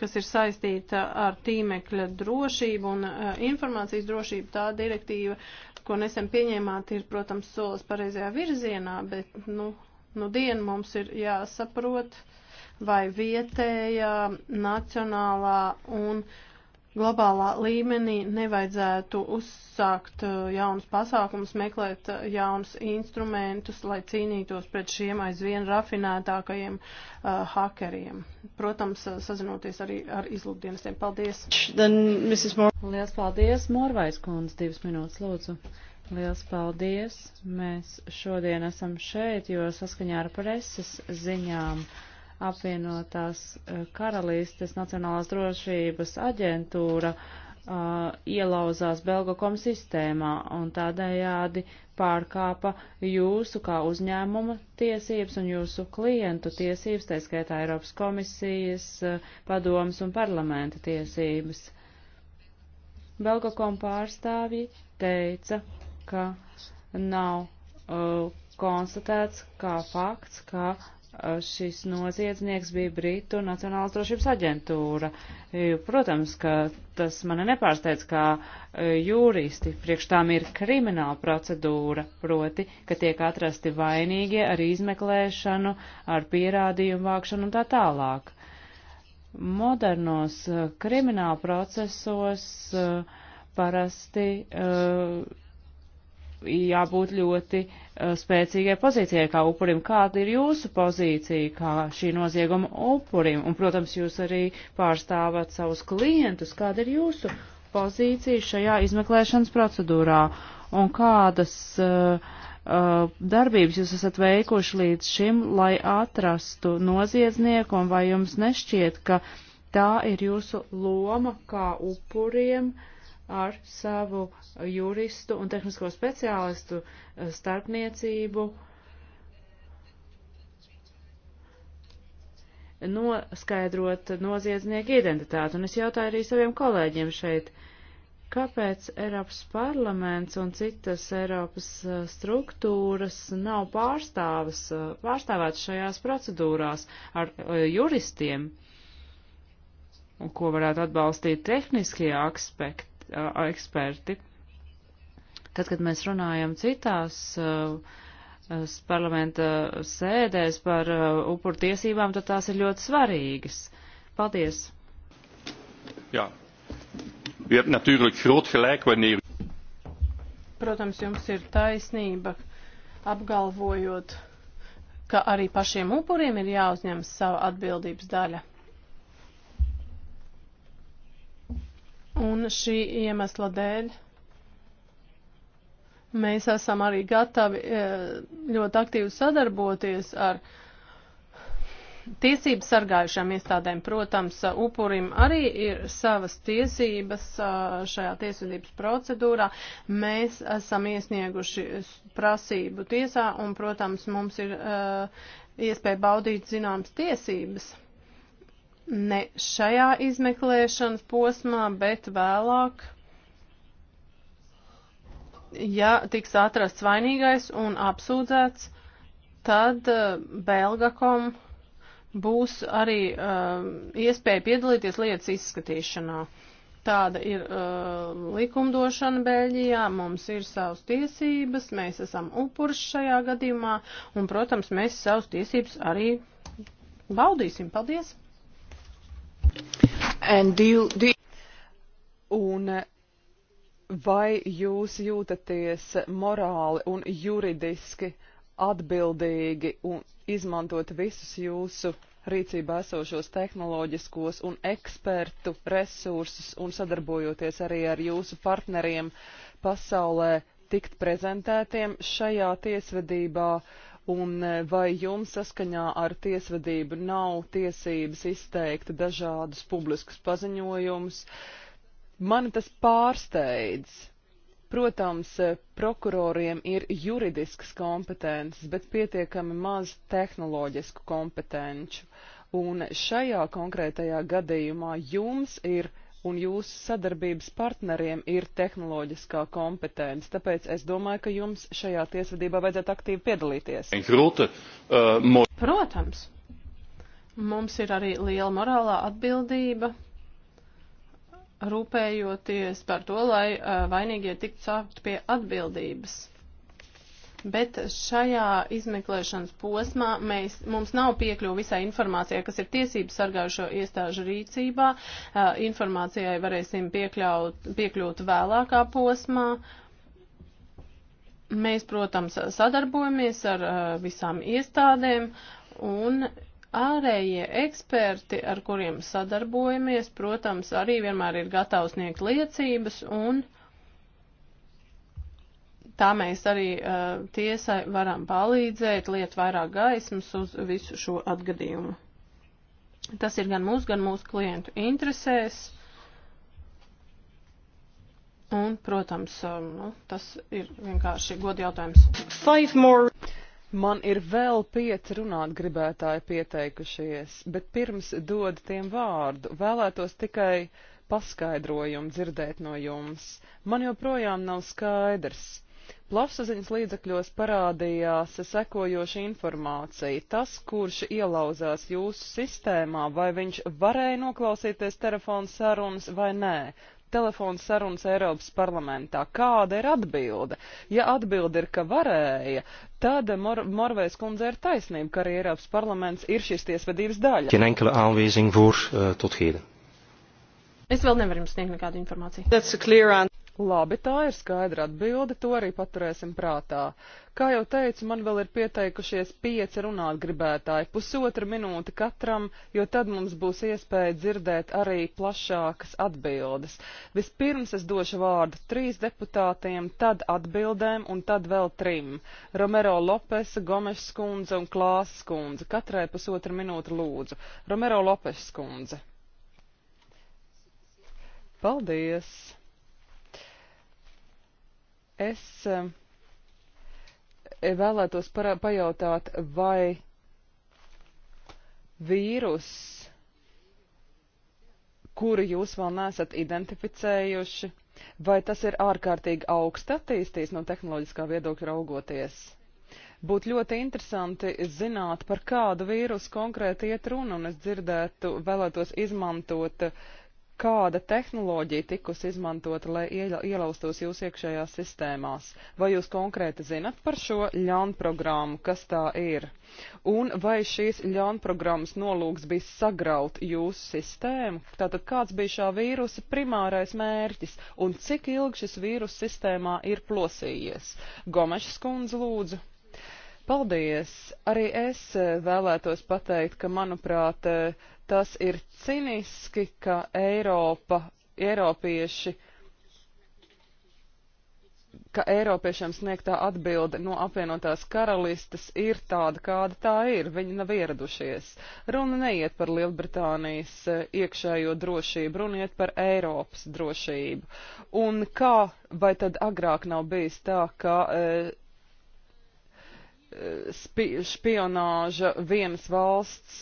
C: kas ir saistīta ar tīmekļa drošību un eh, informācijas drošību, tā direktīva, ko nesen pieņēmāt, ir, protams, solis pareizajā virzienā, bet, nu, nu dien mums ir jāsaprot, vai vietējā, nacionālā un uh, globālā līmenī nevajadzētu uzsākt uh, jaunus pasākumus, meklēt uh, jaunus instrumentus, lai cīnītos pret šiem aizvien rafinētākajiem uh, hakeriem. Protams, uh, sazinoties arī ar izlūkdienestiem. Paldies!
A: Lielas paldies, Morvais kundze, divas minūtes lūdzu. Liels paldies! Mēs šodien esam šeit, jo saskaņā ar preses ziņām. Uh, apvienotās eh, karalistes Nacionālās drošības aģentūra uh, ielauzās Belgokom sistēmā un tādējādi pārkāpa jūsu kā uzņēmuma tiesības un jūsu klientu tiesības, tā skaitā Eiropas komisijas, eh, padomas un parlamenta tiesības. Belgokom pārstāvji teica, ka nav uh, konstatēts kā fakts, ka šis noziedznieks bija Britu Nacionālās drošības aģentūra. E, protams, ka tas mani nepārsteidz, kā e, jūristi priekš tām ir krimināla procedūra, proti, ka tiek atrasti vainīgie ar izmeklēšanu, ar pierādījumu vākšanu un tā tālāk. Modernos e, krimināla procesos parasti jābūt ļoti uh, spēcīgai pozīcijai kā upurim. Kāda ir jūsu pozīcija kā šī nozieguma upurim? Un, protams, jūs arī pārstāvat savus klientus. Kāda ir jūsu pozīcija šajā izmeklēšanas procedūrā? Un kādas uh, uh, darbības jūs esat veikuši līdz šim, lai atrastu noziedznieku? Un vai jums nešķiet, ka tā ir jūsu loma kā upuriem? Uh, ar savu juristu un tehnisko speciālistu eh, starpniecību noskaidrot noziedznieku identitāti. Un es jautāju arī saviem kolēģiem šeit, kāpēc Eiropas parlaments un citas Eiropas eh, struktūras nav pārstāvas, eh, pārstāvētas šajās procedūrās ar juristiem, un ko varētu atbalstīt tehniskie aspekti eksperti. Tad, kad mēs runājam citās parlamenta sēdēs par upuru tiesībām, tad tās ir ļoti svarīgas. Paldies!
E: Jā. U hebt natuurlijk groot gelijk wanneer.
C: Protams, jums ir taisnība apgalvojot, ka arī pašiem upuriem ir jāuzņem sava atbildības daļa. Un šī iemesla dēļ mēs esam arī gatavi e, ļoti aktīvi sadarboties ar tiesību sargājušām iestādēm. Protams, upurim arī ir savas tiesības e, šajā tiesvedības procedūrā. Mēs esam iesnieguši prasību tiesā un, protams, mums ir e, iespēja baudīt zināmas tiesības ne šajā izmeklēšanas posmā, bet vēlāk, ja tiks atrasts vainīgais un apsūdzēts, tad eh, Belgakom būs arī uh, iespēja piedalīties lietas izskatīšanā. Tāda ir uh, likumdošana Beļģijā, mums ir savas tiesības, mēs esam upurši šajā gadījumā, un, protams, mēs savas tiesības arī baudīsim. Paldies! Do you, do you... Un
B: eh, vai jūs jūtaties morāli un juridiski atbildīgi un izmantot visus jūsu rīcībā esošos tehnoloģiskos un ekspertu resursus un sadarbojoties arī ar jūsu partneriem pasaulē tikt prezentētiem šajā tiesvedībā uh, Un e, vai jums saskaņā ar tiesvedību nav tiesības izteikt dažādus publiskus paziņojumus? Mani tas pārsteidz. Protams, e, prokuroriem ir juridiskas kompetences, bet pietiekami maz tehnoloģisku kompetenču. Un šajā konkrētajā gadījumā jums ir un jūsu sadarbības partneriem ir tehnoloģiskā kompetence. Tāpēc es domāju, ka jums šajā tiesvedībā vajadzētu aktīvi piedalīties.
E: Eh,
C: Protams, mums ir arī liela morālā atbildība rūpējoties par to, lai eh, vainīgie tiktu sākt pie atbildības. Bet šajā izmeklēšanas posmā mēs, mums nav piekļuva visai informācijai, kas ir tiesības sargājušo iestāžu rīcībā. Informācijai varēsim piekļaut, piekļūt vēlākā posmā. Mēs, protams, sadarbojamies ar visām iestādēm un ārējie eksperti, ar kuriem sadarbojamies, protams, arī vienmēr ir gatavi sniegt liecības un uh, Tā mēs arī uh, tiesai varam palīdzēt, liet vairāk gaismas uz visu šo atgadījumu. Tas ir gan mūsu, gan mūsu klientu interesēs. Un, protams, nu, tas ir vienkārši godi jautājums.
F: Five
B: more. Man ir vēl pieci runāt gribētāji pieteikušies, bet pirms dod tiem vārdu, vēlētos tikai paskaidrojumu dzirdēt no jums. Man joprojām nav skaidrs. Plašsaziņas līdzekļos parādījās sekojoša informācija. Tas, kurš ielauzās jūsu sistēmā, vai viņš varēja noklausīties telefonu sarunas vai nē, telefona sarunas Eiropas parlamentā. Kāda ir atbilde? Ja atbilde ir, ka varēja, tad Mor Morvēs kundze ir taisnība, ka arī Eiropas parlaments ir šīs tiesvedības daļa. Geen
D: enkele aanwijzing voor uh, tot heden.
B: Es vēl nevaru jums sniegt nekādu informāciju. Labi, tā ir skaidra atbilde, to arī paturēsim prātā. Kā jau teicu, man vēl ir pieteikušies pieci runāt gribētāji, pusotra minūte katram, jo tad mums būs iespēja dzirdēt arī plašākas atbildes. Vispirms es došu vārdu trīs deputātiem, tad atbildēm un tad vēl trim - Romero Lopes, Gomes skundze un Klās skundze. Katrai pusotra minūte lūdzu. Romero Lopes skundze. Paldies! Es eh, vēlētos parā, pajautāt, vai vīrus, kuru jūs vēl nesat identificējuši, vai tas ir ārkārtīgi augsti attīstīts no tehnoloģiskā viedokļa raugoties? Būtu ļoti interesanti zināt, par kādu vīrusu konkrēti iet runa, un es dzirdētu, vēlētos izmantot uh, kāda tehnoloģija tikus izmantota, lai ielaustos jūs iekšējās sistēmās? Vai jūs konkrēti zinat par šo ļaunprogrammu, kas tā ir? Un vai šīs ļaunprogrammas nolūks bija sagraut jūsu sistēmu? Tātad kāds bija šā vīrusa primārais mērķis un cik ilgi šis vīrus sistēmā ir plosījies? Gomešas kundze lūdzu. Paldies! Arī es eh, vēlētos pateikt, ka, manuprāt, eh, Tas ir ciniski, ka Eiropa, Eiropieši, ka Eiropiešiem sniegtā atbilde no apvienotās karalistes ir tāda, kāda tā ir. Viņi nav ieradušies. Runa neiet par Lielbritānijas eh, iekšējo drošību, runa iet par Eiropas drošību. Un kā, vai tad agrāk nav bijis tā, ka. Eh, eh, e, spionāža vienas valsts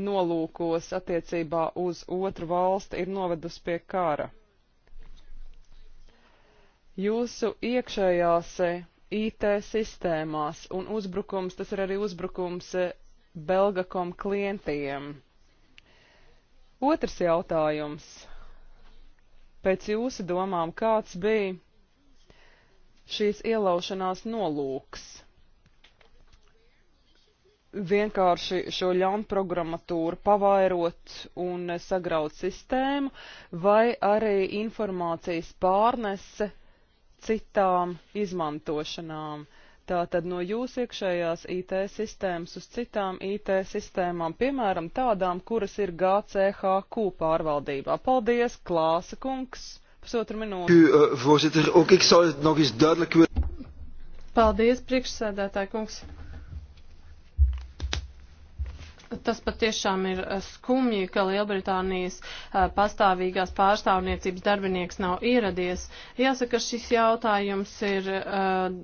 B: nolūkos attiecībā uz otru valsti ir novedus pie kara. Jūsu iekšējās e, IT sistēmās un uzbrukums, tas ir arī uzbrukums e, Belgakom klientiem. Otrs jautājums. Pēc jūsu domām, kāds bija šīs ielaušanās nolūks? vienkārši šo ļaunprogrammatūru pavairot un sagraut sistēmu, vai arī informācijas pārnese citām izmantošanām. Tātad no jūsu iekšējās IT sistēmas uz citām IT sistēmām, piemēram, tādām, kuras ir GCHQ pārvaldībā. Paldies, Klāsa kungs! Pusotru
C: minūti.
D: Eh, voorzitter, ook ik zou het nog eens duidelijk willen.
C: Paldies, priekšsēdētāji kungs. Tas patiešām ir eh, skumji, ka Lielbritānijas eh, pastāvīgās pārstāvniecības darbinieks nav ieradies. Jāsaka, šis jautājums ir. Uh,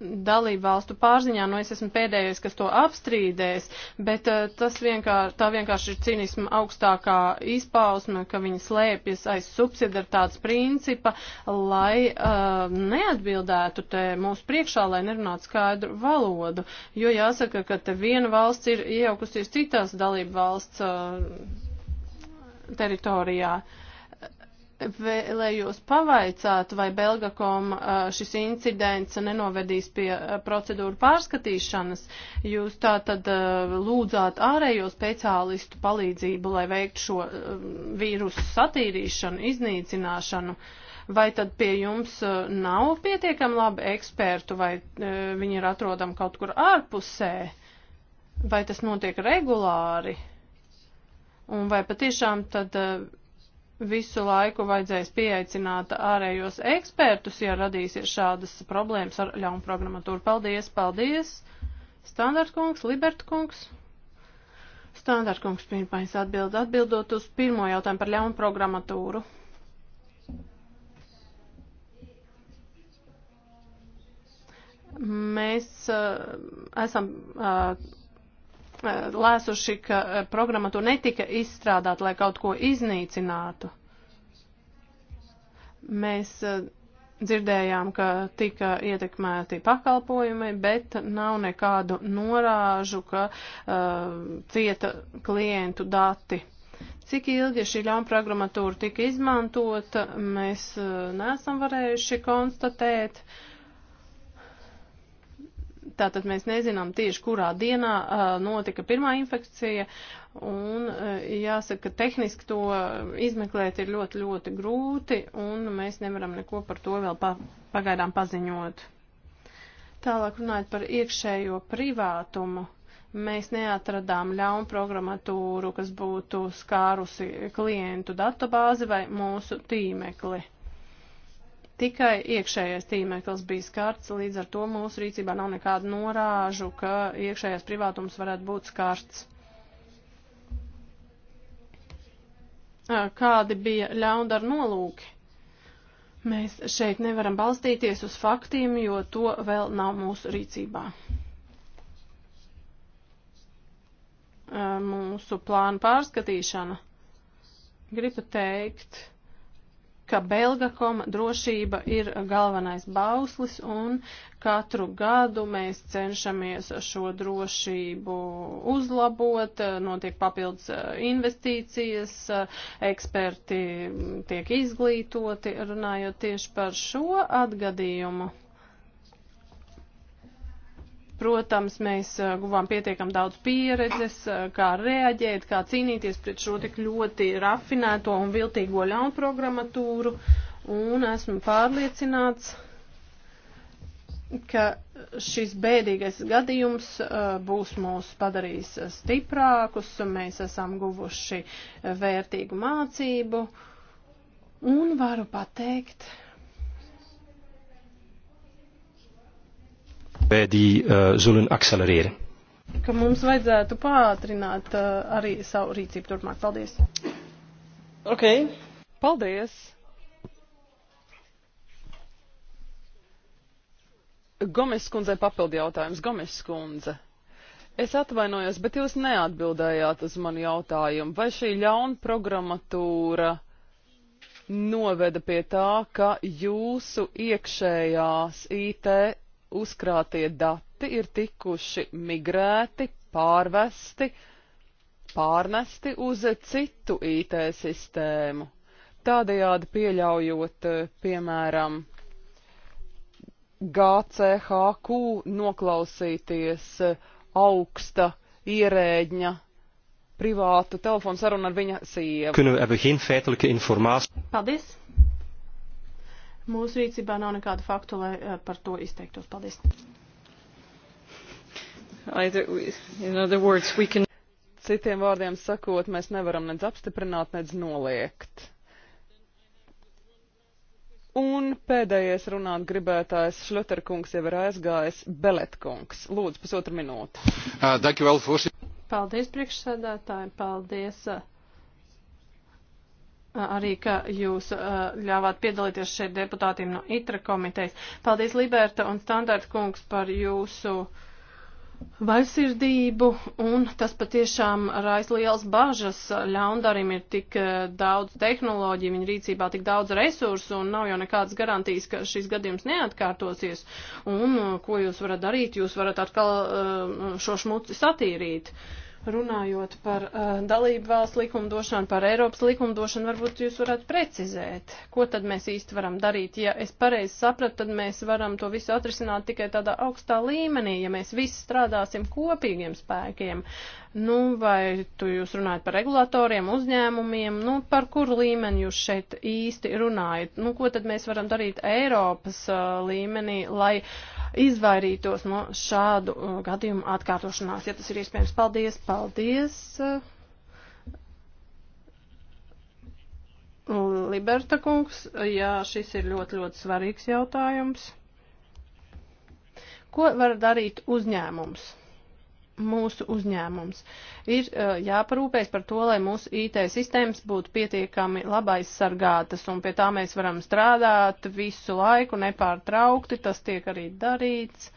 C: dalību valstu pārziņā, nu es esmu pēdējais, kas to apstrīdēs, bet eh, tas vienkārši, tā vienkārši ir cinisma augstākā izpausme, ka viņi slēpjas aiz subsidiartāts principa, lai uh, neatbildētu te mūsu priekšā, lai nerunātu skaidru valodu, jo jāsaka, ka te viena valsts ir iejaukusies citās dalību valsts uh, teritorijā. Uh, vēlējos pavaicāt, vai Belgakom uh, šis incidents nenovedīs pie uh, procedūru pārskatīšanas. Jūs tā tad uh, lūdzāt ārējo speciālistu palīdzību, lai veiktu šo um, vīrusu satīrīšanu, iznīcināšanu. Vai tad pie jums nav pietiekami labi ekspertu, vai viņi ir atrodami kaut kur ārpusē? Vai tas notiek regulāri? Un vai patiešām tad uh, visu laiku vajadzēs pieaicināt ārējos ekspertus, ja radīsies šādas problēmas ar ļaunu programmatūru. Paldies, paldies! Standartkungs, Libertkungs. Standartkungs pirmais atbild atbildot uz pirmo jautājumu par ļaunu programmatūru. Mēs uh, esam uh, Eh, lēsuši, ka eh, programma tur netika izstrādāta, lai kaut ko iznīcinātu. Mēs eh, dzirdējām, ka tika ietekmēti pakalpojumi, bet nav nekādu norāžu, ka uh, cieta klientu dati. Cik ilgi šī ļaunprogrammatūra tika izmantota, mēs uh, nesam varējuši konstatēt. Uh, Tātad mēs nezinām tieši, kurā dienā uh, notika pirmā infekcija, un uh, jāsaka, ka tehniski to izmeklēt ir ļoti, ļoti grūti, un mēs nevaram neko par to vēl pa, pagaidām paziņot. Tālāk runājot par iekšējo privātumu mēs neatradām ļaunu programmatūru, kas būtu skārusi klientu databāzi vai mūsu tīmekli. Tikai iekšējais tīmeklis bija skarts, līdz ar to mūsu rīcībā nav nekādu norāžu, ka iekšējais privātums varētu būt skarts. Kādi bija ļaundara nolūki? Mēs šeit nevaram balstīties uz faktiem, jo to vēl nav mūsu rīcībā. Mūsu plānu pārskatīšana. Gribu teikt, ka Belgakom drošība ir galvenais bauslis un katru gadu mēs cenšamies šo drošību uzlabot, notiek papildus eh, investīcijas, eh, eksperti tiek izglītoti, runājot tieši par šo atgadījumu. Protams, mēs eh, guvām pietiekam daudz pieredzes, eh, kā reaģēt, kā cīnīties pret šo tik ļoti rafinēto un viltīgo ļaunprogrammatūru. Un esmu pārliecināts, ka šis bēdīgais gadījums eh, būs mūs padarījis stiprākus, mēs esam guvuši vērtīgu mācību. Un varu pateikt,
D: Wij die uh, zullen accelereren.
C: Ka mums vajadzētu pātrināt uh, arī savu rīcību turpmāk. Paldies. Ok. Paldies. Gomes skundzei papildi
B: jautājums. Gomes skundze. Es atvainojos, bet jūs neatbildējāt uz manu jautājumu. Vai šī ļauna programmatūra noveda pie tā, ka jūsu iekšējās IT uzkrātie dati ir tikuši migrēti, pārvesti, pārnesti uz citu IT sistēmu. Tādējādi pieļaujot, eh, piemēram, GCHQ noklausīties eh, augsta ierēģņa privātu
C: telefonu sarunu ar viņa
D: sievu.
C: Paldies! Mūsu rīcībā nav nekāda faktu, lai eh, par to izteiktos. Paldies.
A: Either, in other words, we can...
C: Citiem vārdiem
B: sakot, mēs nevaram nedz apstiprināt, nedz noliegt. Un pēdējais runāt gribētājs Šļoterkungs jau ir aizgājis Beletkungs. Lūdzu, pusotru minūtu.
D: Uh,
C: Paldies, priekšsēdētāji, paldies. Uh, arī, ka jūs ļāvāt piedalīties šeit deputātiem no ITRA komitejas. Paldies, Liberta un Standarta kungs, par jūsu vaļsirdību, un tas patiešām raisa liels bažas. Ļaundarim ir tik daudz tehnoloģiju, viņa rīcībā tik daudz resursu, un nav jau nekādas garantijas, ka šis gadījums neatkārtosies. Un ko jūs varat darīt? Jūs varat atkal šo šmuci satīrīt. Uh, Runājot par uh, dalību valsts likumdošanu, par Eiropas likumdošanu, varbūt jūs varētu precizēt, ko tad mēs īsti varam darīt. Ja es pareizi sapratu, tad mēs varam to visu atrisināt tikai tādā augstā līmenī, ja mēs visi strādāsim kopīgiem spēkiem. Nu, vai tu jūs runājat par regulatoriem, uzņēmumiem, nu, par kuru līmeni jūs šeit īsti runājat? Nu, ko tad mēs varam darīt Eiropas uh, līmenī, lai uh, izvairītos no šādu uh, gadījumu atkārtošanās, ja tas ir iespējams. Paldies, paldies. Liberta kungs, jā, šis ir ļoti, ļoti svarīgs jautājums. Ko var darīt uzņēmums? mūsu uzņēmums. Ir uh, jāparūpēs par to, lai mūsu IT sistēmas būtu pietiekami labai sargātas, un pie tā mēs varam strādāt visu laiku nepārtraukti, tas tiek arī darīts.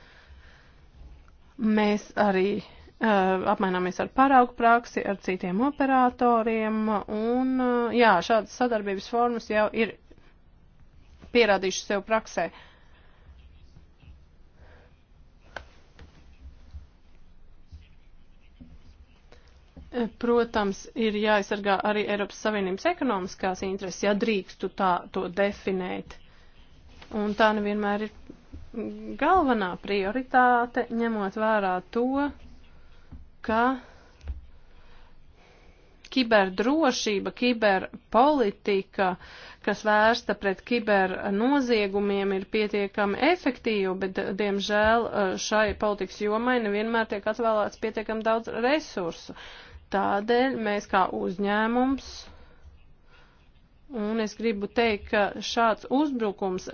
C: Mēs arī uh, apmaināmies ar paraugu praksi, ar citiem operatoriem, un uh, jā, šādas sadarbības formas jau ir pierādījušas sev praksē. Uh, Protams, ir jāaizsargā arī Eiropas Savienības ekonomiskās intereses, ja drīkstu tā to definēt. Un tā nevienmēr ir galvenā prioritāte, ņemot vērā to, ka kiberdrošība, kiberpolitika, kas vērsta pret kibernoziegumiem, ir pietiekami efektīva, bet, diemžēl, šai politikas jomai nevienmēr tiek atvēlēts pietiekami daudz resursu. Uh, Tādēļ mēs kā uzņēmums, un es gribu teikt, ka šāds uzbrukums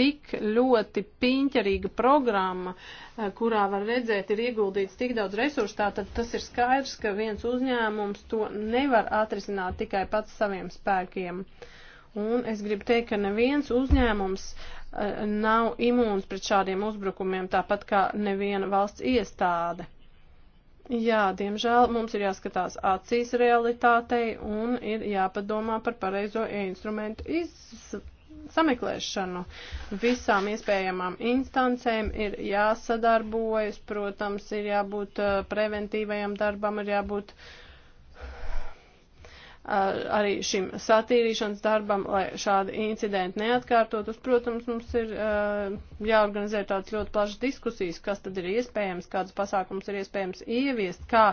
C: tik ļoti piņķerīga programma, eh, kurā var redzēt, ir ieguldīts tik daudz resursu, tātad tas ir skaidrs, ka viens uzņēmums to nevar atrisināt tikai pats saviem spēkiem. Un es gribu teikt, ka neviens uzņēmums eh, nav imūns pret šādiem uzbrukumiem, tāpat kā neviena valsts iestāde. Jā, diemžēl mums ir jāskatās acīs realitātei un ir jāpadomā par pareizo instrumentu iz sameklēšanu. Visām iespējamām instancēm ir jāsadarbojas, protams, ir jābūt eh, preventīvajam darbam, ir jābūt uh, arī šim satīrīšanas darbam, lai šādi incidenti neatkārtotos. Protams, mums ir eh, jāorganizē tādas ļoti plašas diskusijas, kas tad ir iespējams, kādas pasākums ir iespējams ieviest, kā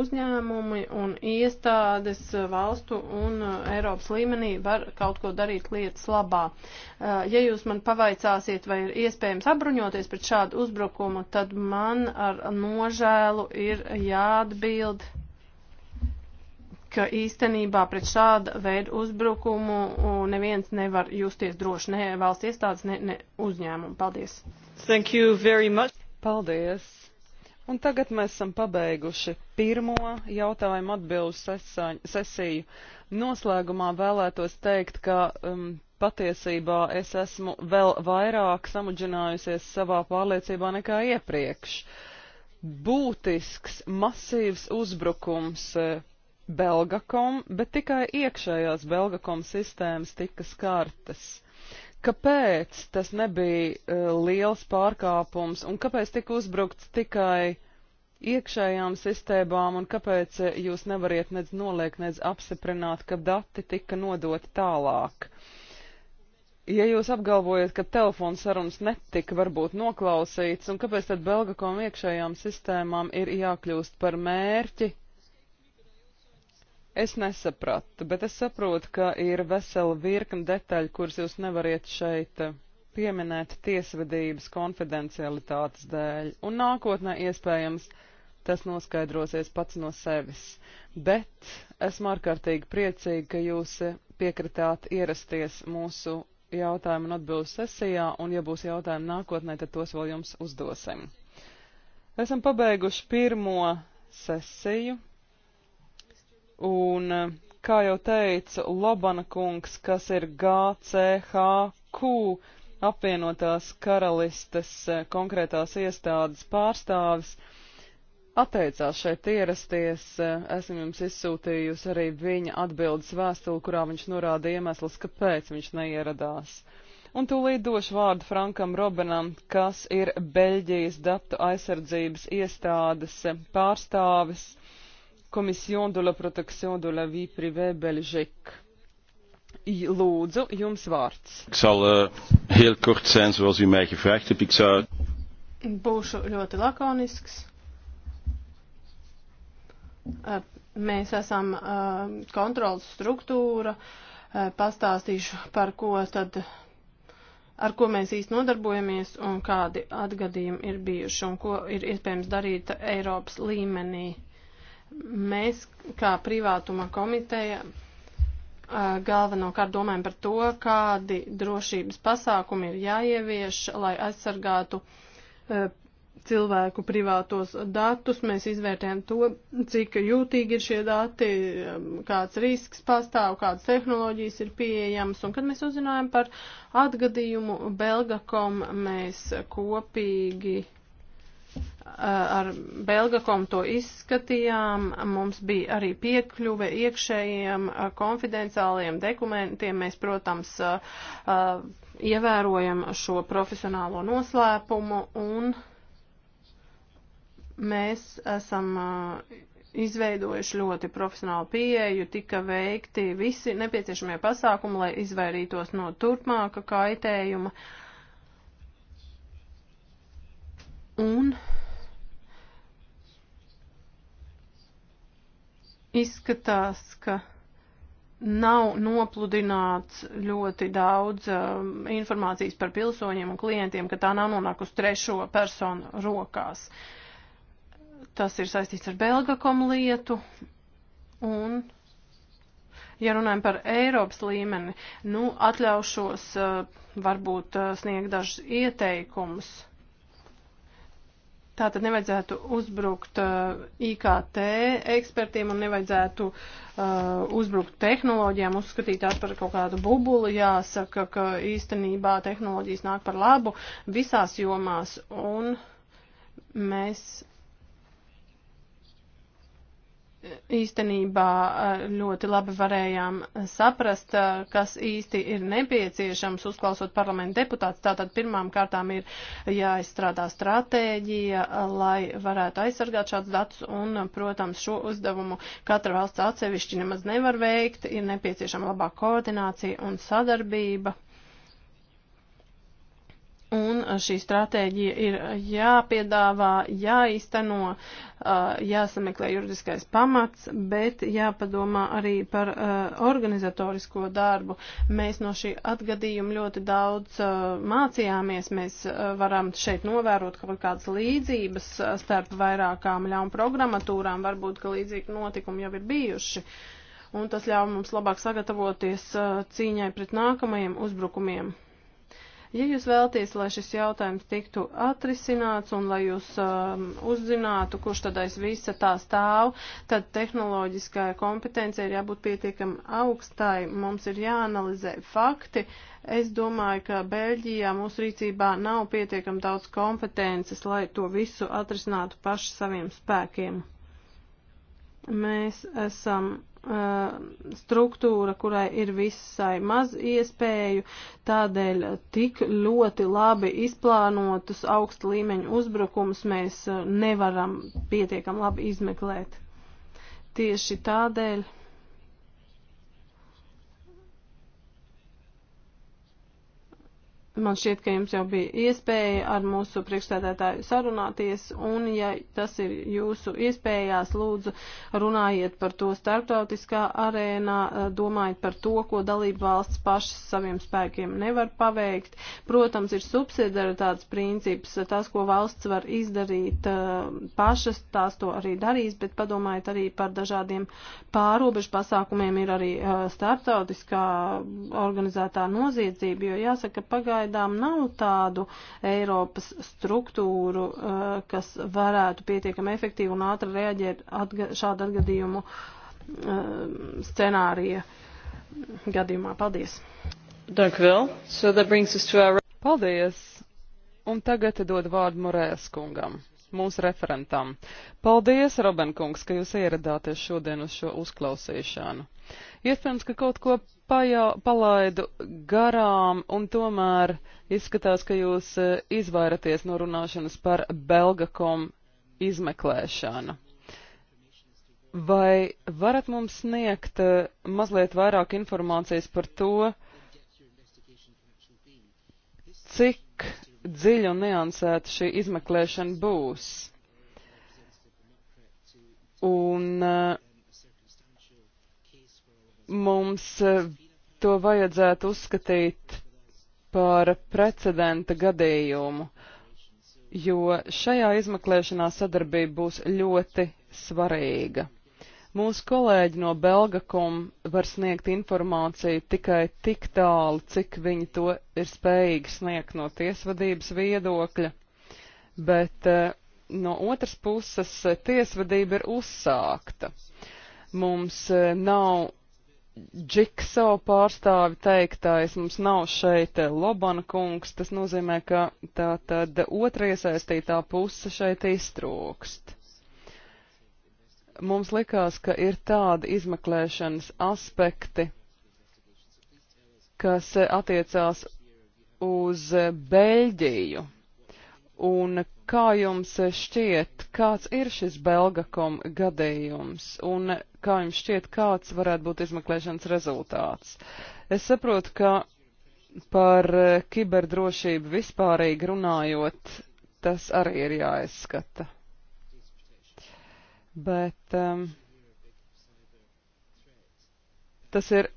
C: uzņēmumi un iestādes valstu un eh, Eiropas līmenī var kaut ko darīt lietas labā. Eh, ja jūs man pavaicāsiet, vai ir iespējams apbruņoties pret šādu uzbrukumu, tad man ar nožēlu ir jāatbild ka īstenībā pret šādu veidu uzbrukumu neviens nevar justies droši, ne valsts iestādes, ne, ne uzņēmumu. Paldies!
B: Thank you very much! Paldies! Un tagad mēs esam pabeiguši pirmo jautājumu atbilžu sesiju. Noslēgumā vēlētos teikt, ka um, patiesībā es esmu vēl vairāk samudžinājusies savā pārliecībā nekā iepriekš. Būtisks, masīvs uzbrukums uh, Belgakom, bet tikai iekšējās Belgakom sistēmas tika skartas. Kāpēc tas nebija uh, liels pārkāpums un kāpēc tika uzbrukts tikai iekšējām sistēmām un kāpēc eh, jūs nevariet nedz noliekt, nedz apsiprināt, ka dati tika nodoti tālāk? Ja jūs apgalvojat, ka telefona sarunas netika varbūt noklausīts, un kāpēc tad Belgakom iekšējām sistēmām ir jākļūst par mērķi Es nesapratu, bet es saprotu, ka ir vesela virkna detaļu, kuras jūs nevariet šeit eh, pieminēt tiesvedības konfidencialitātes dēļ, un nākotnē iespējams tas noskaidrosies pats no sevis. Bet esmu ārkārtīgi priecīga, ka jūs eh, piekritāt ierasties mūsu jautājumu un atbildu sesijā, un ja būs jautājumi nākotnē, tad tos vēl jums uzdosim. Esam pabeiguši pirmo sesiju. Un, eh, kā jau teicu, Labana kungs, kas ir GCHQ apvienotās karalistes eh, konkrētās iestādes pārstāvis, atteicās šeit ierasties. Eh, esmu jums izsūtījusi arī viņa atbildes vēstuli, kurā viņš norāda iemeslus, kāpēc viņš neieradās. Un tūlīt došu vārdu Frankam Robenam, kas ir Beļģijas datu aizsardzības iestādes pārstāvis. Commission de la Protection de la Vie Privée Belgique. Lūdzu, jums vārds.
F: Ik zal uh, heel kort zijn zoals u mij gevraagd hebt. Ik zou...
C: Būšu ļoti lakonisks. Uh, mēs esam uh, eh, kontrolas struktūra. Uh, pastāstīšu, par ko tad, ar ko mēs īsti nodarbojamies un kādi atgadījumi ir bijuši un ko ir iespējams darīt Eiropas līmenī. Mēs, kā privātuma komiteja, galvenokārt domājam par to, kādi drošības pasākumi ir jāievieš, lai aizsargātu cilvēku privātos datus. Mēs izvērtējam to, cik jūtīgi ir šie dati, kāds risks pastāv, kādas tehnoloģijas ir pieejamas. Un kad mēs uzzinājām par atgadījumu Belgakom, mēs kopīgi ar Belgakom to izskatījām, mums bija arī piekļuve iekšējiem konfidenciāliem dokumentiem. Mēs, protams, ievērojam šo profesionālo noslēpumu un mēs esam izveidojuši ļoti profesionālu pieeju, tika veikti visi nepieciešamie pasākumi, lai izvairītos no turpmāka kaitējuma. Un Izskatās, ka nav nopludināts ļoti daudz um, informācijas par pilsoņiem un klientiem, ka tā nav nonākusi trešo personu rokās. Tas ir saistīts ar Belgakom lietu un. Ja runājam par Eiropas līmeni, nu, atļaušos uh, varbūt uh, sniegt dažus ieteikumus. Tātad nevajadzētu uzbrukt uh, IKT ekspertiem un nevajadzētu uh, uzbrukt tehnoloģijām, uzskatīt tās par kaut kādu bubuli. Jāsaka, ka īstenībā tehnoloģijas nāk par labu visās jomās un mēs īstenībā eh, ļoti labi varējām eh, saprast, eh, kas īsti ir nepieciešams uzklausot parlamentu deputātus. Tātad pirmām kārtām ir jāizstrādā stratēģija, lai varētu aizsargāt šāds datus un, protams, šo uzdevumu katra valsts atsevišķi nemaz nevar veikt. Ir nepieciešama labā koordinācija un sadarbība. Un uh, šī stratēģija ir jāpiedāvā, jāizteno, uh, jāsameklē juridiskais pamats, bet jāpadomā arī par uh, organizatorisko darbu. Mēs no šī atgadījuma ļoti daudz mācījāmies. Mēs varam šeit novērot kaut kādas līdzības starp vairākām ļaunu programmatūrām. Varbūt, ka līdzīgi notikumi jau ir bijuši. Un tas ļauj mums labāk sagatavoties cīņai pret nākamajiem uzbrukumiem. Ja jūs vēlties, lai šis jautājums tiktu atrisināts un lai jūs um, uzzinātu, kurš tad aiz visa tā stāv, tad tehnoloģiskā kompetence ir jābūt pietiekami augstai. Mums ir jāanalizē fakti. Es domāju, ka Beļģijā mūsu rīcībā nav pietiekami daudz kompetences, lai to visu atrisinātu paši saviem spēkiem. Mēs esam Uh, struktūra, kurai ir visai maz iespēju, tādēļ tik ļoti labi izplānotus augsta līmeņa uzbrukumus mēs uh, nevaram pietiekam labi izmeklēt. Tieši tādēļ Man šķiet, ka jums jau bija iespēja ar mūsu priekšstādētāju sarunāties, un ja tas ir jūsu iespējās, lūdzu runājiet par to starptautiskā arēnā, eh, domājiet par to, ko dalību valsts pašas saviem spēkiem nevar paveikt. Protams, ir subsidaritātes princips, tas, ko valsts var izdarīt eh, pašas, tās to arī darīs, bet padomājiet arī par dažādiem pārobežu pasākumiem, ir arī eh, starptautiskā organizētā noziedzība, jo jāsaka, pagājušajā pagaidām nav tādu Eiropas struktūru, eh, kas varētu pietiekami efektīvi un ātri reaģēt atga šādu atgadījumu eh, scenārija gadījumā. Paldies!
A: So
B: our... Paldies! Un tagad dod vārdu Morēs kungam mūsu referentam. Paldies, Robenkungs, ka jūs ieradāties šodien uz šo uzklausīšanu. Iespējams, ka kaut ko pajā, palaidu garām, un tomēr izskatās, ka jūs e, izvairaties no runāšanas par Belgakom izmeklēšanu. Vai varat mums sniegt e, mazliet vairāk informācijas par to, cik dziļa un neansēta šī izmeklēšana būs? Un uh, Mums eh, to vajadzētu uzskatīt par precedenta gadījumu, jo šajā izmeklēšanā sadarbība būs ļoti svarīga. Mūsu kolēģi no Belgakum var sniegt informāciju tikai tik tālu, cik viņi to ir spējīgi sniegt no tiesvadības viedokļa, bet eh, no otras puses tiesvadība ir uzsākta. Mums eh, nav Džikso pārstāvi teiktais, mums nav šeit Lobana kungs, tas nozīmē, ka tā tad otra iesaistītā puse šeit iztrūkst. Mums likās, ka ir tādi izmeklēšanas aspekti, kas attiecās uz Beļģiju. Un kā jums šķiet, kāds ir šis Belgakom gadījums? Un kā jums šķiet, kāds varētu būt izmeklēšanas rezultāts? Es saprotu, ka par kiberdrošību vispārīgi runājot, tas arī ir jāizskata. Bet um, tas ir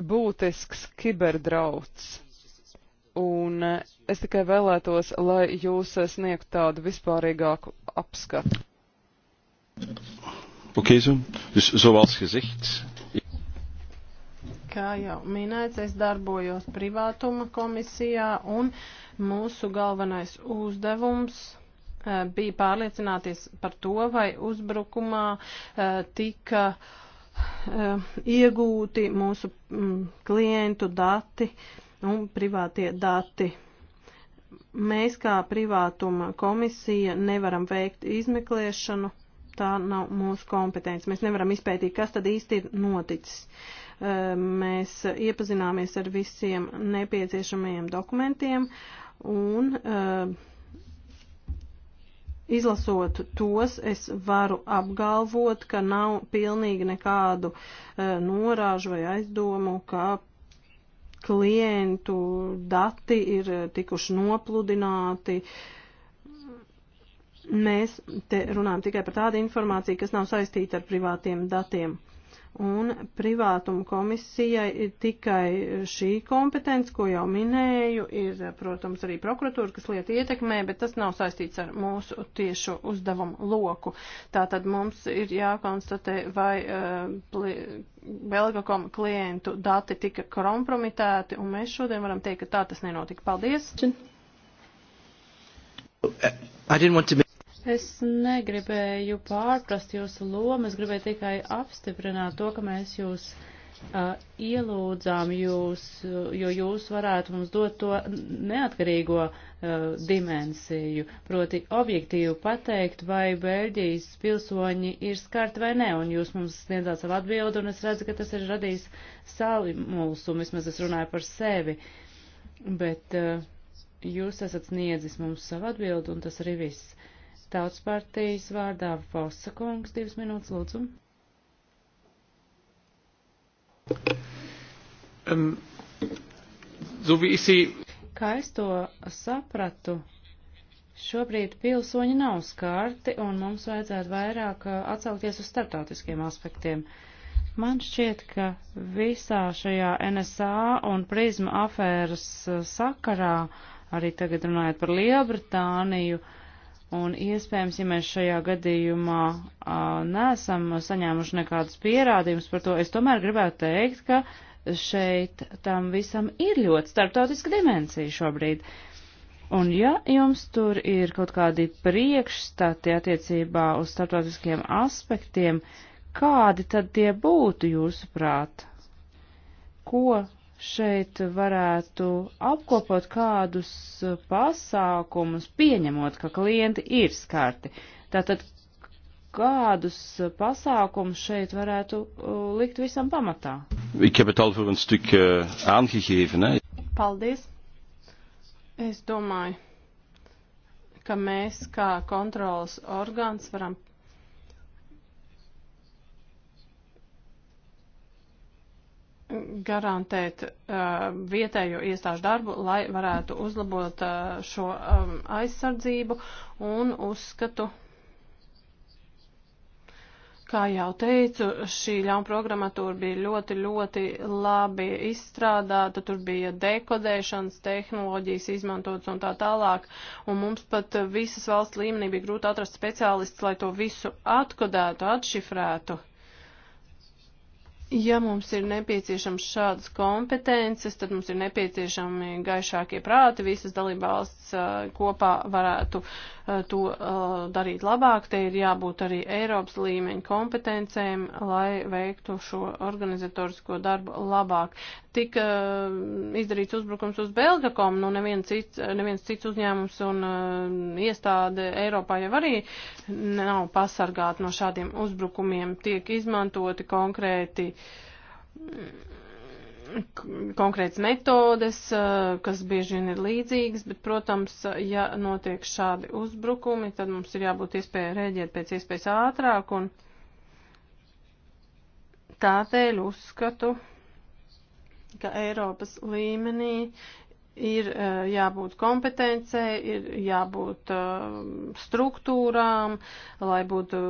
B: būtisks kiberdrauds un eh, es tikai vēlētos, lai jūs eh, sniegtu tādu vispārīgāku apskatu.
F: Okay, so. Dus, zoals gezegd.
C: Kā jau minēts, es darbojos privātuma komisijā un mūsu galvenais uzdevums eh, bija pārliecināties par to, vai uzbrukumā tika iegūti mūsu mm, klientu dati. Uh, un privātie dati. Mēs kā privātuma komisija nevaram veikt izmeklēšanu, tā nav mūsu kompetence. Mēs nevaram izpētīt, kas tad īsti ir noticis. Mēs iepazināmies ar visiem nepieciešamajiem dokumentiem un izlasot tos, es varu apgalvot, ka nav pilnīgi nekādu norāžu vai aizdomu, ka klientu dati ir eh, tikuši nopludināti. Mēs te runājam tikai par tādu informāciju, kas nav saistīta ar privātiem datiem un privātuma komisijai tikai šī kompetence, ko jau minēju, ir, protams, arī prokuratūra, kas lieta ietekmē, bet tas nav saistīts ar mūsu tiešo uzdevumu loku. Tātad mums ir jākonstatē, vai uh, eh, Belgakom klientu dati tika kompromitēti, un mēs šodien varam teikt, ka tā tas nenotika.
A: Paldies! I didn't want to Es negribēju pārprast jūsu lomu, es gribēju tikai apstiprināt to, ka mēs jūs uh, ielūdzām, jūs, jo jūs varētu mums dot to neatkarīgo uh, dimensiju, proti objektīvi pateikt, vai Bēļģijas pilsoņi ir skarti vai nē, un jūs mums sniedzāt savu atbildi, un es redzu, ka tas ir radījis salimulsu, vismaz es runāju par sevi, bet uh, jūs esat sniedzis mums savu atbildi, un tas arī viss. Tautas partijas vārdā Fosa kungs, divas minūtes lūdzu.
E: Um, so esi...
A: Kā es to sapratu, šobrīd pilsoņi nav skārti un mums vajadzētu vairāk eh, atsaukties uz startautiskiem aspektiem. Man šķiet, ka visā šajā NSA un prizma afēras eh, sakarā, arī tagad runājot par Lielbritāniju, uh, Un iespējams, ja mēs šajā gadījumā a, nesam saņēmuši nekādus pierādījumus par to, es tomēr gribētu teikt, ka šeit tam visam ir ļoti starptautiska dimensija šobrīd. Un ja jums tur ir kaut kādi priekšstati attiecībā uz starptautiskiem aspektiem, kādi tad tie būtu jūsuprāt? Ko šeit varētu apkopot kādus uh, pasākumus, pieņemot, ka klienti ir skarti. Tātad kādus uh, pasākumus šeit varētu uh, likt visam pamatā?
F: Ik heb het al voor een stuk uh, aangegeven. Hè.
A: Paldies.
C: Es domāju, ka mēs kā kontrolas orgāns varam garantēt uh, vietējo iestāžu darbu, lai varētu uzlabot uh, šo um, aizsardzību un uzskatu. Kā jau teicu, šī ļaunprogrammatūra bija ļoti, ļoti labi izstrādāta, tur bija dekodēšanas tehnoloģijas izmantotas un tā tālāk, un mums pat visas valsts līmenī bija grūti atrast speciālists, lai to visu atkodētu, atšifrētu. Uh, Ja mums ir nepieciešams šādas kompetences, tad mums ir nepieciešami gaišākie prāti, visas dalībvalsts uh, kopā varētu uh, to uh, darīt labāk, te ir jābūt arī Eiropas līmeņa kompetencēm, lai veiktu šo organizatorisko darbu labāk. Tik izdarīts uzbrukums uz Belgakom, nu neviens cits, neviens cits uzņēmums un iestāde Eiropā jau arī nav pasargāti no šādiem uzbrukumiem, tiek izmantoti konkrēti Mm, konkrētas metodes, eh, kas bieži vien ir līdzīgas, bet, protams, ja notiek šādi uzbrukumi, tad mums ir jābūt iespēja rēģēt pēc iespējas ātrāk, un tādēļ uzskatu, ka Eiropas līmenī ir eh, jābūt kompetencei, ir jābūt eh, struktūrām, lai būtu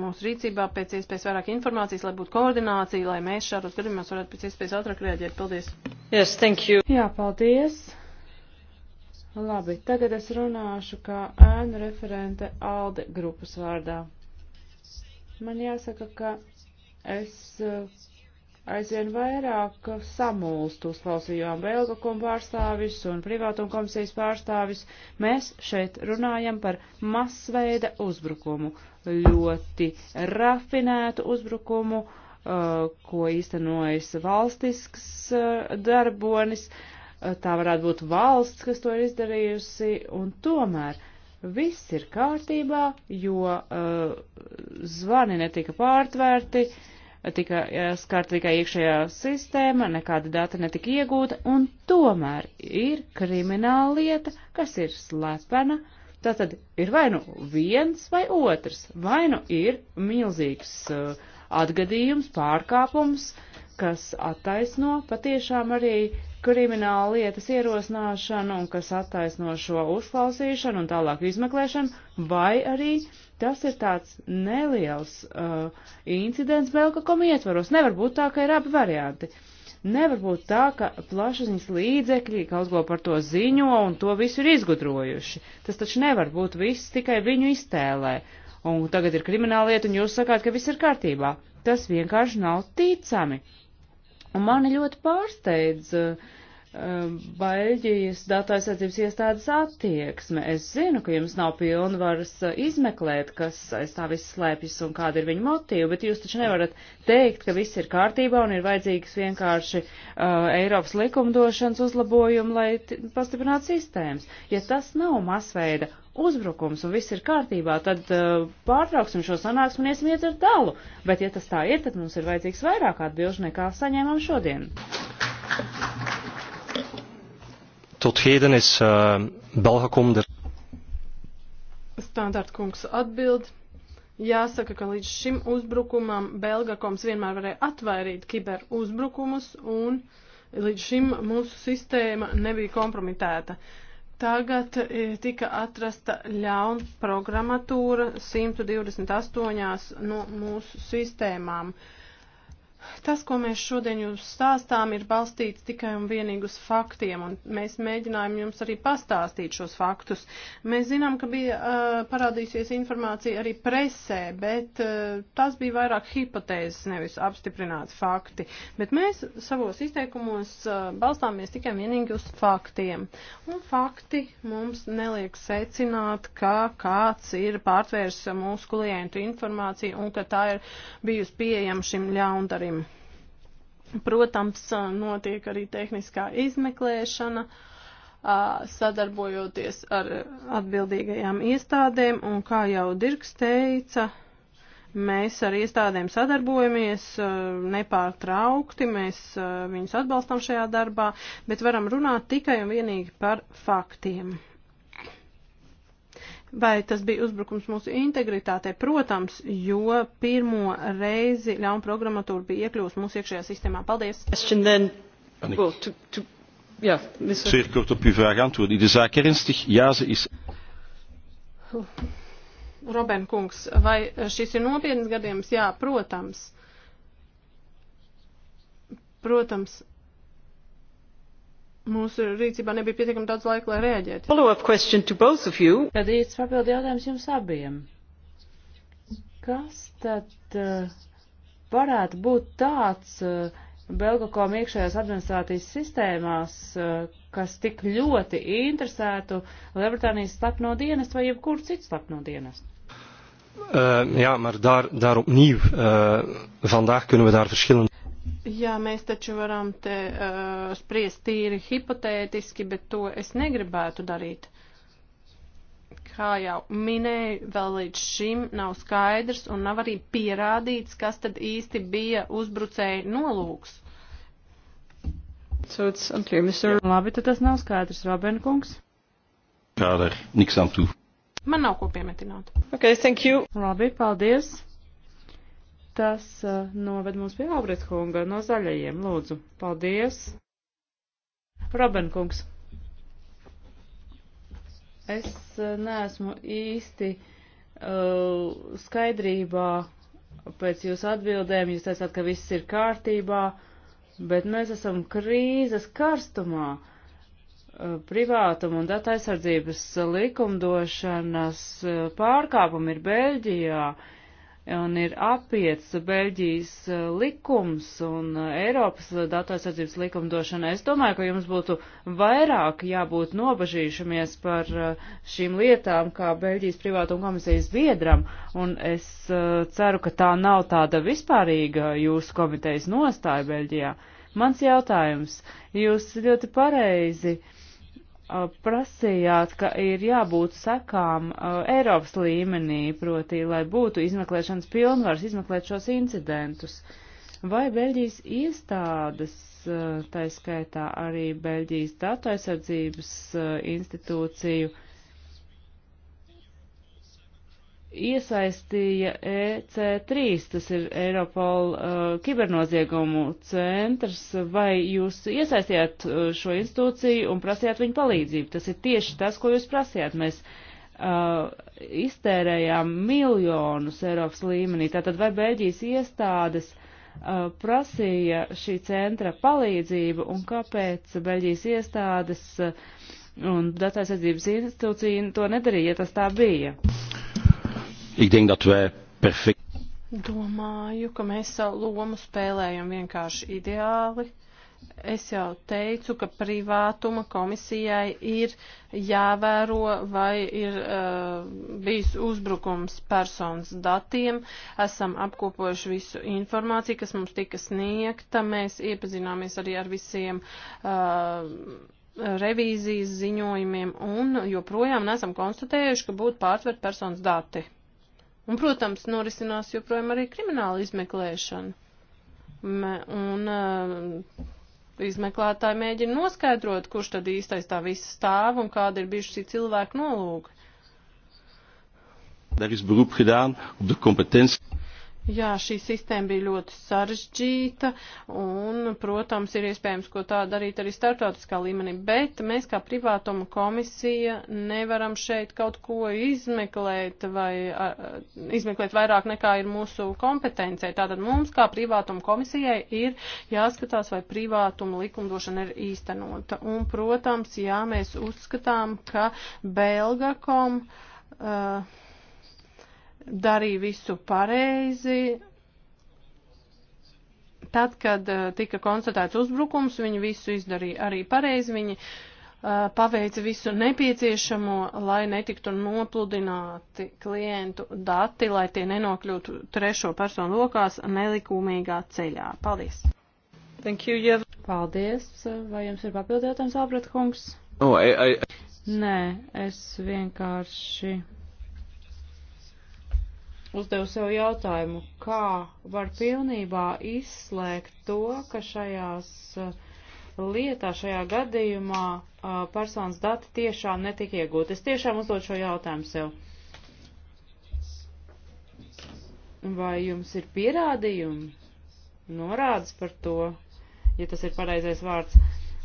C: mūsu rīcībā pēc iespējas vairāk informācijas, lai būtu koordinācija, lai mēs šādos gadījumos varētu pēc iespējas ātrāk reaģēt. Paldies!
A: Yes, thank you! Jā, paldies! Labi, tagad es runāšu kā ēnu referente ALDE grupas vārdā. Man jāsaka, ka es aizvien vairāk samulst uzklausījām Belga pārstāvis un privātuma komisijas pārstāvis. Mēs šeit runājam par masveida uzbrukumu, ļoti rafinētu uzbrukumu, uh, ko īstenojas valstisks uh, darbonis. Uh, tā varētu būt valsts, kas to ir izdarījusi, un tomēr viss ir kārtībā, jo uh, zvani netika pārtvērti, uh, tika eh, skarta tikai iekšējā sistēma, nekāda data netika iegūta, un tomēr ir krimināla lieta, kas ir slepena. Tātad ir vai nu viens vai otrs, vai nu ir milzīgs uh, atgadījums, pārkāpums, uh, kas attaisno patiešām arī krimināla lietas ierosināšanu un kas attaisno šo uzklausīšanu un tālāk izmeklēšanu, vai arī tas ir tāds neliels uh, incidents Belkakom ietvaros. Nevar būt tā, ka ir abi varianti. Nevar būt tā, ka plašsaziņas līdzekļi kaut ko par to ziņo un to visu ir izgudrojuši. Tas taču nevar būt viss tikai viņu iztēlē. Un tagad ir krimināla lieta, un jūs sakāt, ka viss ir kārtībā. Tas vienkārši nav ticami. Un mani ļoti pārsteidz uh, eh, Baļģijas datu aizsardzības iestādes attieksme. Es zinu, ka jums nav pilnvaras eh, izmeklēt, kas aiz tā viss slēpjas un kāda ir viņa motīva, bet jūs taču nevarat teikt, ka viss ir kārtībā un ir vajadzīgs vienkārši uh, Eiropas likumdošanas uzlabojumu, lai pastiprinātu sistēmas. Ja tas nav masveida uzbrukums un viss ir kārtībā, tad uh, pārtrauksim šo sanāksmu un iesim iet ar dalu. Bet, ja tas tā ir, tad mums ir vajadzīgs vairāk atbilžu nekā saņēmām šodien.
D: Tot heden is uh, Belgakom der.
C: Standartkungs atbild. Jāsaka, ka līdz šim uzbrukumam Belgakoms vienmēr varēja atvairīt kiber uzbrukumus un līdz šim mūsu sistēma nebija kompromitēta. Uh, Tagad e, tika atrasta ļauna programmatūra 128 no mūsu sistēmām. Uh, Tas, ko mēs šodien jums stāstām, ir balstīts tikai un vienīgi uz faktiem, un mēs mēģinājām jums arī pastāstīt šos faktus. Mēs zinām, ka bija uh, parādīsies informācija arī presē, bet uh, tas bija vairāk hipotēzes, nevis apstiprināti fakti. Bet mēs savos izteikumos uh, balstāmies tikai un vienīgi uz faktiem. Un fakti mums neliek secināt, ka kāds ir pārtvērs mūsu klientu informāciju un ka tā ir bijusi pieejama šim ļaundarim valstīm. Protams, notiek arī tehniskā izmeklēšana, sadarbojoties ar atbildīgajām iestādēm, un kā jau Dirks teica, mēs ar iestādēm sadarbojamies nepārtraukti, mēs viņus atbalstam šajā darbā, bet varam runāt tikai un vienīgi par faktiem. Vai tas bija uzbrukums mūsu integritātei? Protams, jo pirmo reizi ļauna programmatūra bija iekļūst mūsu iekšējā sistēmā. Paldies!
F: Zeer kort op uw vraag antwoorden. De zaak ernstig? Ja, ze is.
C: Robin Kungs, vai šis ir nopietns gadījums? Jā, protams. Protams, mūsu rīcībā nebija pietiekami daudz
A: laika, lai reaģētu. Tad īsts papildu jautājums jums abiem. Kas tad uh, varētu būt tāds uh, eh, Belgakom iekšējās administrācijas sistēmās, uh, kas tik ļoti interesētu Lielbritānijas slepno dienestu vai jebkuru citu slepno dienestu?
D: Uh, ja, maar daar, daar opnieuw, uh, vandaag kunnen we daar verschillende.
C: Jā, mēs taču varam te uh, spriest tīri hipotētiski, bet to es negribētu darīt. Kā jau minēju, vēl līdz šim nav skaidrs un nav arī pierādīts, kas tad īsti bija uzbrucēja
A: nolūks. So it's unclear, Mr. Labi, tad tas nav skaidrs, Robenkungs.
F: Kāda ir? Niks am tu.
A: Man nav ko piemetināt. Ok, thank you. Labi, paldies. Tas uh, noved mūs pie Albrecht Hunga no zaļajiem. Lūdzu, paldies. Robenkungs. Es uh, neesmu īsti uh, skaidrībā pēc jūsu atbildēm. Jūs teicāt, ka viss ir kārtībā, bet mēs esam krīzes karstumā. Uh, privātuma un data aizsardzības likumdošanas pārkāpumi ir Beļģijā. Uh, un ir apiets Beļģijas eh, likums un eh, Eiropas datu aizsardzības likumdošana. Es domāju, ka jums būtu vairāk jābūt nobažījušamies par eh, šīm lietām kā Beļģijas privātuma komisijas biedram, un es ceru, ka tā nav tāda vispārīga jūsu komitejas nostāja Beļģijā. Mans jautājums, jūs ļoti pareizi uh, prasījāt, ka ir jābūt sekām Eiropas līmenī, proti, lai būtu izmeklēšanas pilnvars izmeklēt šos incidentus. Vai Beļģijas iestādes, tā skaitā arī Beļģijas datu aizsardzības institūciju, uh, iesaistīja EC3, tas ir Eiropol uh, kibernoziegumu centrs, vai jūs iesaistījāt uh, šo institūciju un prasījāt viņu palīdzību? Tas ir tieši tas, ko jūs prasījāt. Mēs uh, iztērējām miljonus Eiropas līmenī, tātad vai Beļģijas iestādes uh, prasīja šī centra palīdzību un kāpēc Beļģijas iestādes uh, un datāsardzības institūcija to nedarīja, ja tas tā bija? Uh,
F: ik denk dat wij perfect.
C: Domāju, ka mēs savu lomu spēlējam vienkārši ideāli. Es jau teicu, ka privātuma komisijai ir jāvēro, vai ir uh, bijis uzbrukums personas datiem. Esam apkopojuši visu informāciju, kas mums tika sniegta. Mēs iepazināmies arī ar visiem. Uh, revīzijas ziņojumiem un joprojām nesam konstatējuši, ka būtu pārtvert personas dati. Un, protams, norisinās joprojām arī krimināla izmeklēšana. Me, un uh, izmeklētāji mēģina noskaidrot, kurš tad īstais tā visa stāv un kāda ir bijuši šī cilvēka nolūka.
F: Daar is beroep gedaan op de competentie.
C: Jā, šī sistēma bija ļoti sarežģīta un, protams, ir iespējams, ko tā darīt arī starptautiskā līmenī, bet mēs kā privātuma komisija nevaram šeit kaut ko izmeklēt vai a, izmeklēt vairāk nekā ir mūsu kompetencē. Tātad mums kā privātuma komisijai ir jāskatās, vai privātuma likumdošana ir īstenota. Un, protams, jā, mēs uzskatām, ka Belgakom. Uh, darīja visu pareizi. Tad, kad eh, tika konstatēts uzbrukums, viņi visu izdarīja arī pareizi, viņi uh, paveica visu nepieciešamo, lai netiktu nopludināti klientu dati, lai tie nenokļūtu trešo personu lokās nelikumīgā ceļā. Paldies!
A: Thank you, Jev. Paldies! Vai jums ir papildinātājs, Albrecht Kungs? Oh, I, I... Nē, es vienkārši uzdevu sev jautājumu, kā var pilnībā izslēgt to, ka šajās uh, lietā, šajā gadījumā uh, personas dati tiešām netika iegūti. Es tiešām uzdod šo jautājumu sev. Vai jums ir pierādījumi, norādes par to, ja tas ir pareizais vārds?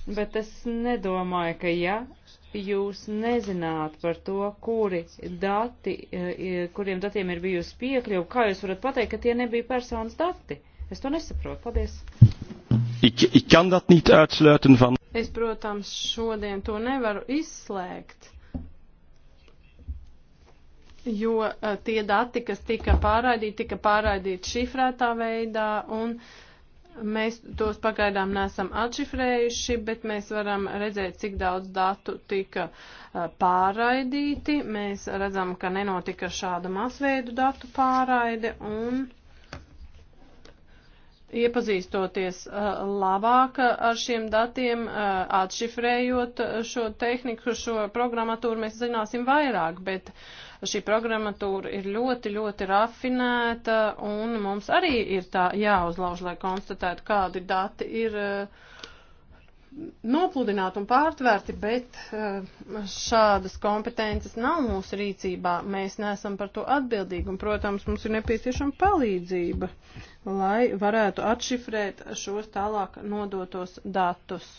A: bet es nedomāju, ka ja jūs nezināt par to, kuri dati, e, e, kuriem datiem ir bijusi piekļuva, kā jūs varat pateikt, ka tie nebija personas dati? Es to nesaprotu. Paldies.
F: Ik, ik kan dat niet uitsluiten van.
A: Es, protams, šodien to nevaru
C: izslēgt, jo e, tie dati, kas tika pārraidīti, tika pārraidīti šifrētā veidā un uh, Mēs tos pagaidām nesam atšifrējuši, bet mēs varam redzēt, cik daudz datu tika pārraidīti. Mēs redzam, ka nenotika šāda masveidu datu pārraide un iepazīstoties labāk ar šiem datiem, atšifrējot šo tehniku, šo programmatūru, mēs zināsim vairāk, bet uh, Šī programmatūra ir ļoti, ļoti rafinēta, un mums arī ir tā jāuzlauž, lai konstatētu, kādi dati ir eh, nopludināti un pārtvērti, bet eh, šādas kompetences nav mūsu rīcībā. Mēs neesam par to atbildīgi, un, protams, mums ir nepieciešama palīdzība, lai varētu atšifrēt šos tālāk nodotos datus.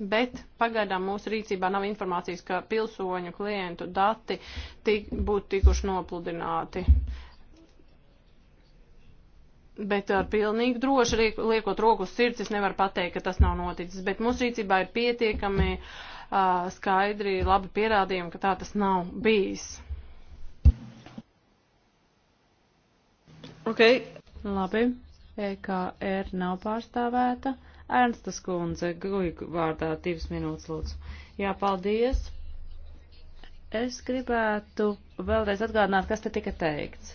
C: bet pagaidām mūsu rīcībā nav informācijas, ka pilsoņu klientu dati tik, būtu tikuši nopludināti. Bet ar pilnīgi droši liekot roku uz sirds, es nevaru pateikt, ka tas nav noticis. Bet mūsu rīcībā ir pietiekami uh, skaidri, labi pierādījumi, ka tā tas
A: nav bijis. Ok. Labi. EKR nav pārstāvēta. Uh, Ernstas kundze, guļu vārdā divas minūtes lūdzu. Jā, paldies. Es gribētu vēlreiz atgādināt, kas te tika teikts.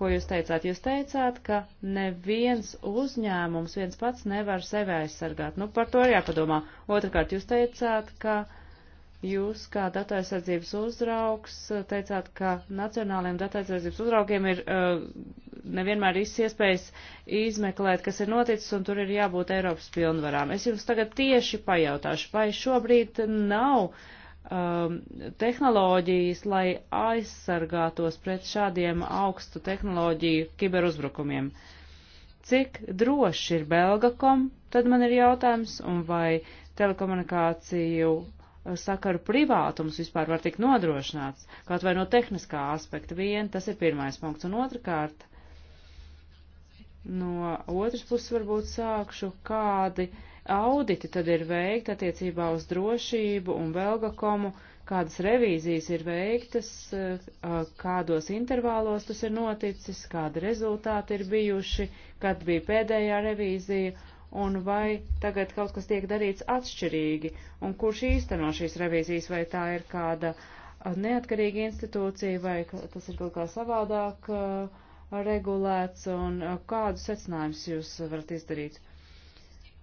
A: Ko jūs teicāt? Jūs teicāt, ka neviens uzņēmums viens pats nevar sevi aizsargāt. Nu, par to ir jāpadomā. Otrakārt, jūs teicāt, ka. Uh, Jūs, kā dataizsardzības uzraugs, eh, teicāt, ka nacionāliem dataizsardzības uzraugiem ir uh, nevienmēr īsts iespējas izmeklēt, kas ir noticis, un tur ir jābūt Eiropas pilnvarām. Es jums tagad tieši pajautāšu, vai šobrīd nav um, tehnoloģijas, lai aizsargātos pret šādiem augstu tehnoloģiju kiberuzbrukumiem. Cik droši ir Belgakom, tad man ir jautājums, un vai telekomunikāciju sakaru privātums vispār var tikt nodrošināts, kaut vai no tehniskā aspekta vien, tas ir pirmais punkts. Un otrkārt, no otras puses varbūt sākšu, kādi auditi tad ir veikti attiecībā uz drošību un velgakomu, kādas revīzijas ir veiktas, kādos intervālos tas ir noticis, kādi rezultāti ir bijuši, kad bija pēdējā revīzija un vai tagad kaut kas tiek darīts atšķirīgi, un kurš īsteno šīs revīzijas, vai tā ir kāda neatkarīga institūcija, vai tas ir kaut kā savādāk uh, regulēts, un uh, kādu secinājumus jūs varat izdarīt.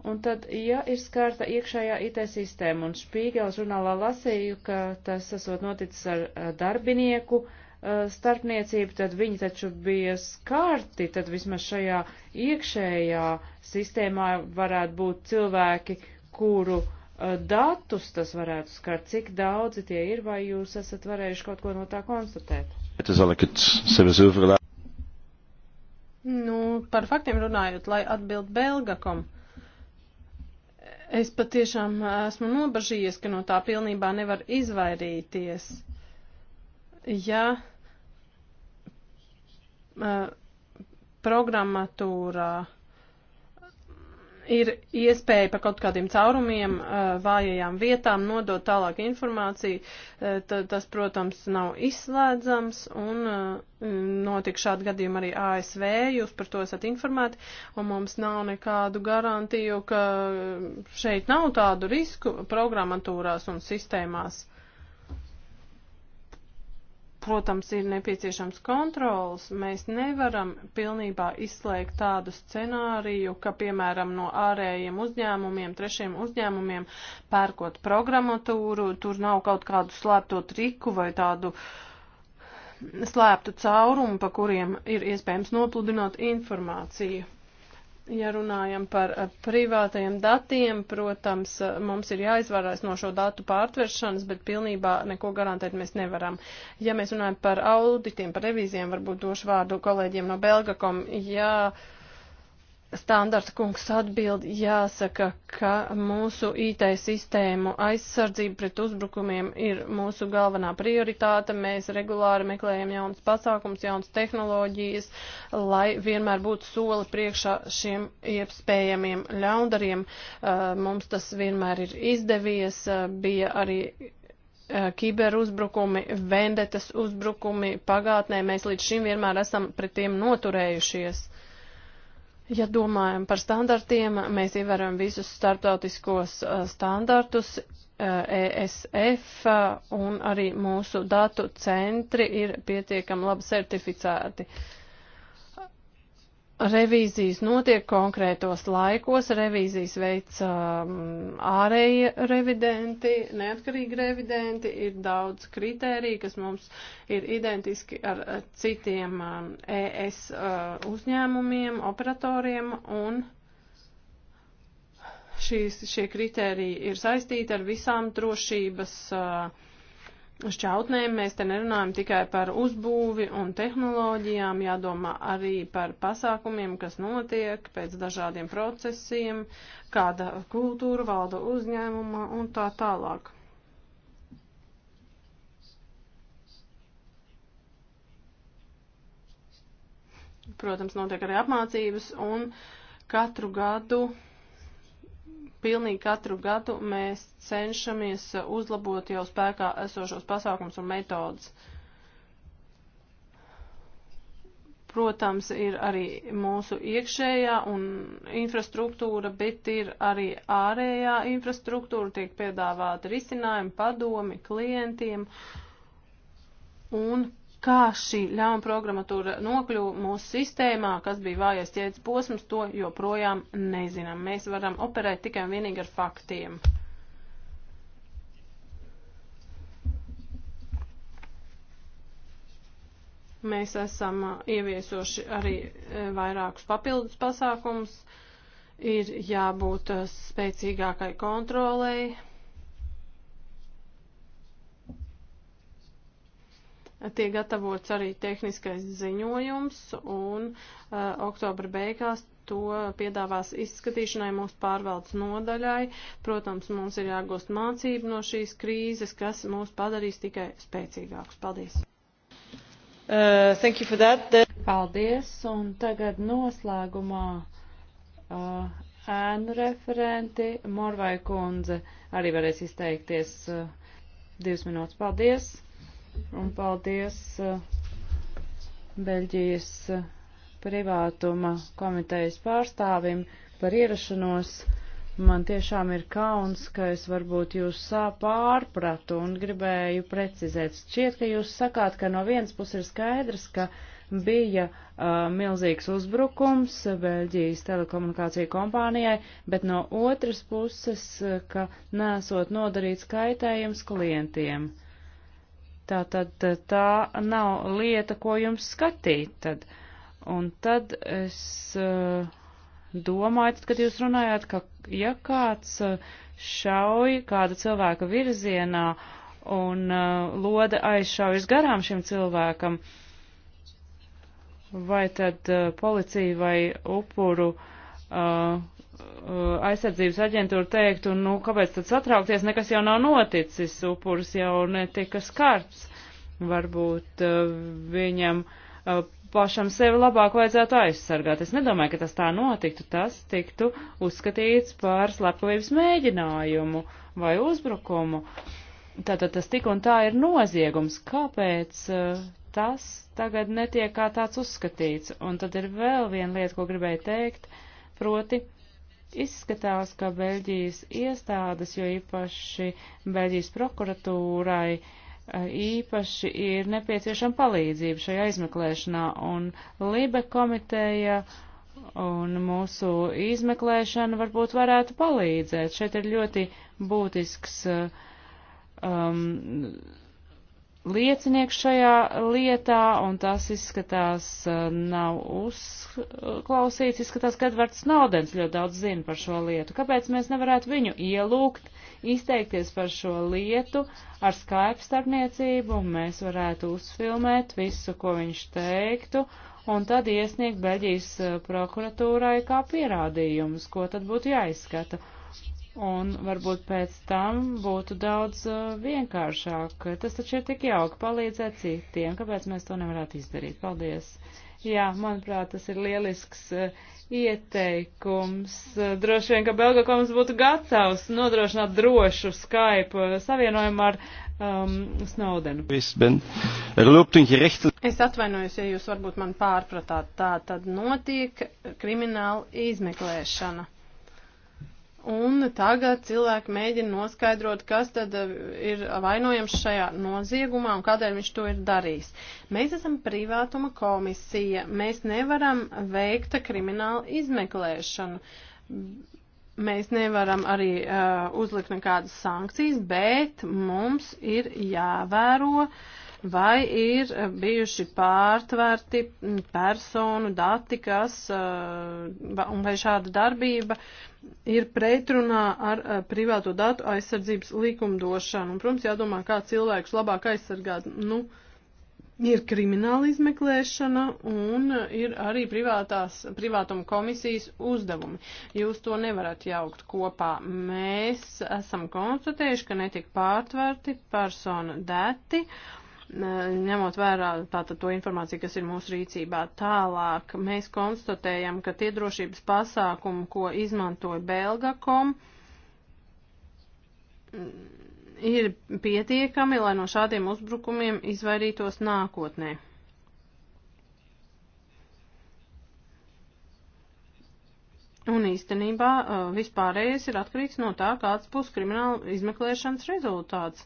A: Un tad, ja ir skārta iekšējā IT sistēma, un Špīgela žurnālā lasīju, ka tas esot noticis ar uh, darbinieku, uh, Eh, starpniecību, tad viņi taču bija skarti, tad vismaz šajā iekšējā sistēmā varētu būt cilvēki, kuru eh, datus tas varētu skart, cik daudzi tie ir, vai jūs esat varējuši kaut ko no tā konstatēt?
C: Nu, par faktiem runājot, lai atbild Belgakom. Es patiešām esmu nobažījies, ka no tā pilnībā nevar izvairīties. Ja programmatūrā ir iespēja pa kaut kādiem caurumiem, vājajām vietām nodot tālāk informāciju, tad tas, protams, nav izslēdzams un notiek šādi gadījumi arī ASV, jūs par to esat informēti, un mums nav nekādu garantiju, ka šeit nav tādu risku programmatūrās un sistēmās. Protams, ir nepieciešams kontrols. Mēs nevaram pilnībā izslēgt tādu scenāriju, ka, piemēram, no ārējiem uzņēmumiem, trešiem uzņēmumiem pērkot programmatūru, tur nav kaut kādu slēpto triku vai tādu slēptu caurumu, pa kuriem ir iespējams nopludināt informāciju. Ja runājam par eh, privātajiem datiem, protams, eh, mums ir jāizvarās no šo datu pārtveršanas, bet pilnībā neko garantēt mēs nevaram. Ja mēs runājam par auditiem, par revīzijām, varbūt došu vārdu kolēģiem no Belgakom, jā. Ja Standarta kungs atbild jāsaka, ka mūsu IT sistēmu aizsardzība pret uzbrukumiem ir mūsu galvenā prioritāte. Mēs regulāri meklējam jaunas pasākums, jaunas tehnoloģijas, lai vienmēr būtu soli priekšā šiem iespējamiem ļaundariem. Uh, mums tas vienmēr ir izdevies. Uh, bija arī uh, kiberuzbrukumi, vendetas uzbrukumi pagātnē. Mēs līdz šim vienmēr esam pret tiem noturējušies. Ja domājam par standartiem, mēs ievērojam visus starptautiskos eh, standartus, ESF eh, e eh, un arī mūsu datu centri ir pietiekami labi certificēti. Uh, Revīzijas notiek konkrētos laikos, revīzijas veids um, ārēji revidenti, neatkarīgi revidenti, ir daudz kritēriju, kas mums ir identiski ar citiem um, ES uh, uzņēmumiem, operatoriem, un šīs, šie kritēriji ir saistīti ar visām drošības. Uh, šķautnēm mēs te nerunājam tikai par uzbūvi un tehnoloģijām, jādomā arī par pasākumiem, kas notiek pēc dažādiem procesiem, kāda kultūra valda uzņēmumā un tā tālāk. Protams, notiek arī apmācības un katru gadu pilnīgi katru gadu mēs cenšamies uzlabot jau spēkā esošos pasākums un metodas. Protams, ir arī mūsu iekšējā un infrastruktūra, bet ir arī ārējā infrastruktūra, tiek piedāvāta risinājumi, padomi klientiem un kā šī ļauna programmatūra nokļuva mūsu sistēmā, kas bija vājais ķēdes posms, to joprojām nezinām. Mēs varam operēt tikai un vienīgi ar faktiem. Mēs esam ieviesoši arī e, vairākus papildus pasākumus. Ir jābūt e, spēcīgākai kontrolei. Tiek gatavots arī tehniskais ziņojums un uh, oktobra beigās to piedāvās izskatīšanai mūsu pārvaldes nodaļai. Protams, mums ir jāgūst mācību no šīs krīzes, kas mūs padarīs tikai spēcīgākus.
A: Paldies! Uh, thank you for that. The... Paldies, un tagad noslēgumā uh, ēnu referenti Morvai kundze arī varēs izteikties uh, divas minūtes. Paldies! un paldies eh, Beļģijas eh, privātuma komitejas pārstāvim par ierašanos. Man tiešām ir kauns, ka es varbūt jūs pārpratu un gribēju precizēt. Šķiet, ka jūs sakāt, ka no vienas puses ir skaidrs, ka bija uh, milzīgs uzbrukums Beļģijas telekomunikāciju kompānijai, bet no otras puses, ka nesot nodarīts kaitējums klientiem. Uh, Tātad eh, tā nav lieta, ko jums skatīt tad. Un tad es eh, domāju, kad jūs runājāt, ka ja kāds eh, šauj kāda cilvēka virzienā un loda aizšaujas garām šim cilvēkam, vai tad policija vai upuru uh, Uh, aizsardzības aģentūra teiktu, nu, kāpēc tad satraukties, nekas jau nav noticis, upurs jau netika skarts. Varbūt uh, viņam uh, pašam sevi labāk vajadzētu aizsargāt. Es nedomāju, ka tas tā notiktu. Tas tiktu uzskatīts par slepkavības mēģinājumu vai uzbrukumu. Tātad tas tik un tā ir noziegums. Kāpēc uh, tas tagad netiek kā tāds uzskatīts? Un tad ir vēl viena lieta, ko gribēju teikt. Uh, Proti, izskatās, ka Beļģijas iestādes, jo īpaši Beļģijas prokuratūrai, eh, īpaši ir nepieciešama palīdzība šajā izmeklēšanā, un Libe komiteja un mūsu izmeklēšana varbūt varētu palīdzēt. Šeit ir ļoti būtisks eh, um, liecinieks šajā lietā, un tas izskatās eh, nav uzklausīts. Izskatās, ka Edvards Snowdens ļoti daudz zina par šo lietu. Kāpēc mēs nevarētu viņu ielūgt, izteikties par šo lietu ar Skype starpniecību, un mēs varētu uzfilmēt visu, ko viņš teiktu, un tad iesniegt Beļģijas eh, prokuratūrai kā pierādījumus, ko tad būtu jāizskata. Un varbūt pēc tam būtu daudz uh, vienkāršāk. Tas taču ir tik jauki palīdzēt citiem. Kāpēc mēs to nevarētu izdarīt? Paldies! Jā, manuprāt, tas ir lielisks uh, ieteikums. Uh, droši vien, ka Belgakoms būtu gatavs nodrošināt drošu Skype eh, savienojumu ar um, Snowdenu. Er es atvainojos, ja jūs varbūt man pārpratāt. Tā tad
C: notiek krimināla izmeklēšana. Un tagad cilvēki mēģina noskaidrot, kas tad eh, ir vainojams šajā noziegumā un kādēļ viņš to ir darījis. Mēs esam privātuma komisija, mēs nevaram veikta kriminālu izmeklēšanu. Mēs nevaram arī uh, uzlikt nekādas sankcijas, bet mums ir jāvēro uh, vai ir eh, bijuši pārtverti personu dati, kas, eh, un vai šāda darbība ir pretrunā ar eh, privāto datu aizsardzības likumdošanu. Un, protams, jādomā, kā cilvēkus labāk aizsargāt. Nu, ir krimināla izmeklēšana un ir arī privātās, privātuma komisijas uzdevumi. Jūs to nevarat jaukt kopā. Mēs esam konstatējuši, ka netika pārtverti persona dati ņemot vērā tātad to informāciju, kas ir mūsu rīcībā. Tālāk mēs konstatējam, ka tie drošības pasākumi, ko izmantoja Belgakom, ir pietiekami, lai no šādiem uzbrukumiem izvairītos nākotnē. Un īstenībā uh, vispārējais ir atkarīgs no tā, kāds būs krimināla izmeklēšanas rezultāts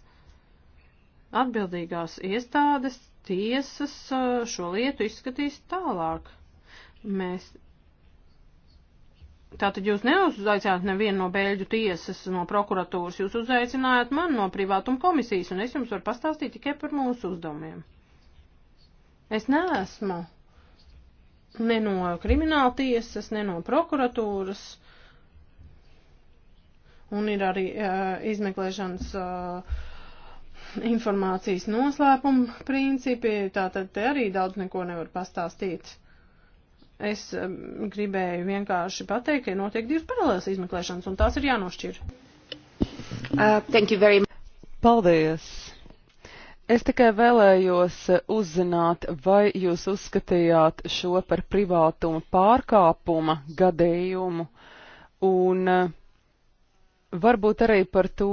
C: atbildīgās iestādes, tiesas šo lietu izskatīs tālāk. Mēs. Tātad jūs neuzaicinājāt nevienu no bēļu tiesas, no prokuratūras, jūs uzaicinājāt man no privātuma komisijas, un es jums varu pastāstīt tikai par mūsu uzdevumiem. Es neesmu ne no krimināla tiesas, ne no prokuratūras, un ir arī uh, izmeklēšanas uh, informācijas noslēpuma principi, tātad te arī daudz neko nevar pastāstīt. Es gribēju vienkārši pateikt, ka notiek divas paralēlas izmeklēšanas, un tās ir jānošķir.
B: Uh, thank you very much. Paldies! Es tikai vēlējos eh, uzzināt, vai jūs uzskatījāt šo par privātuma pārkāpuma gadījumu, un eh, varbūt arī par to,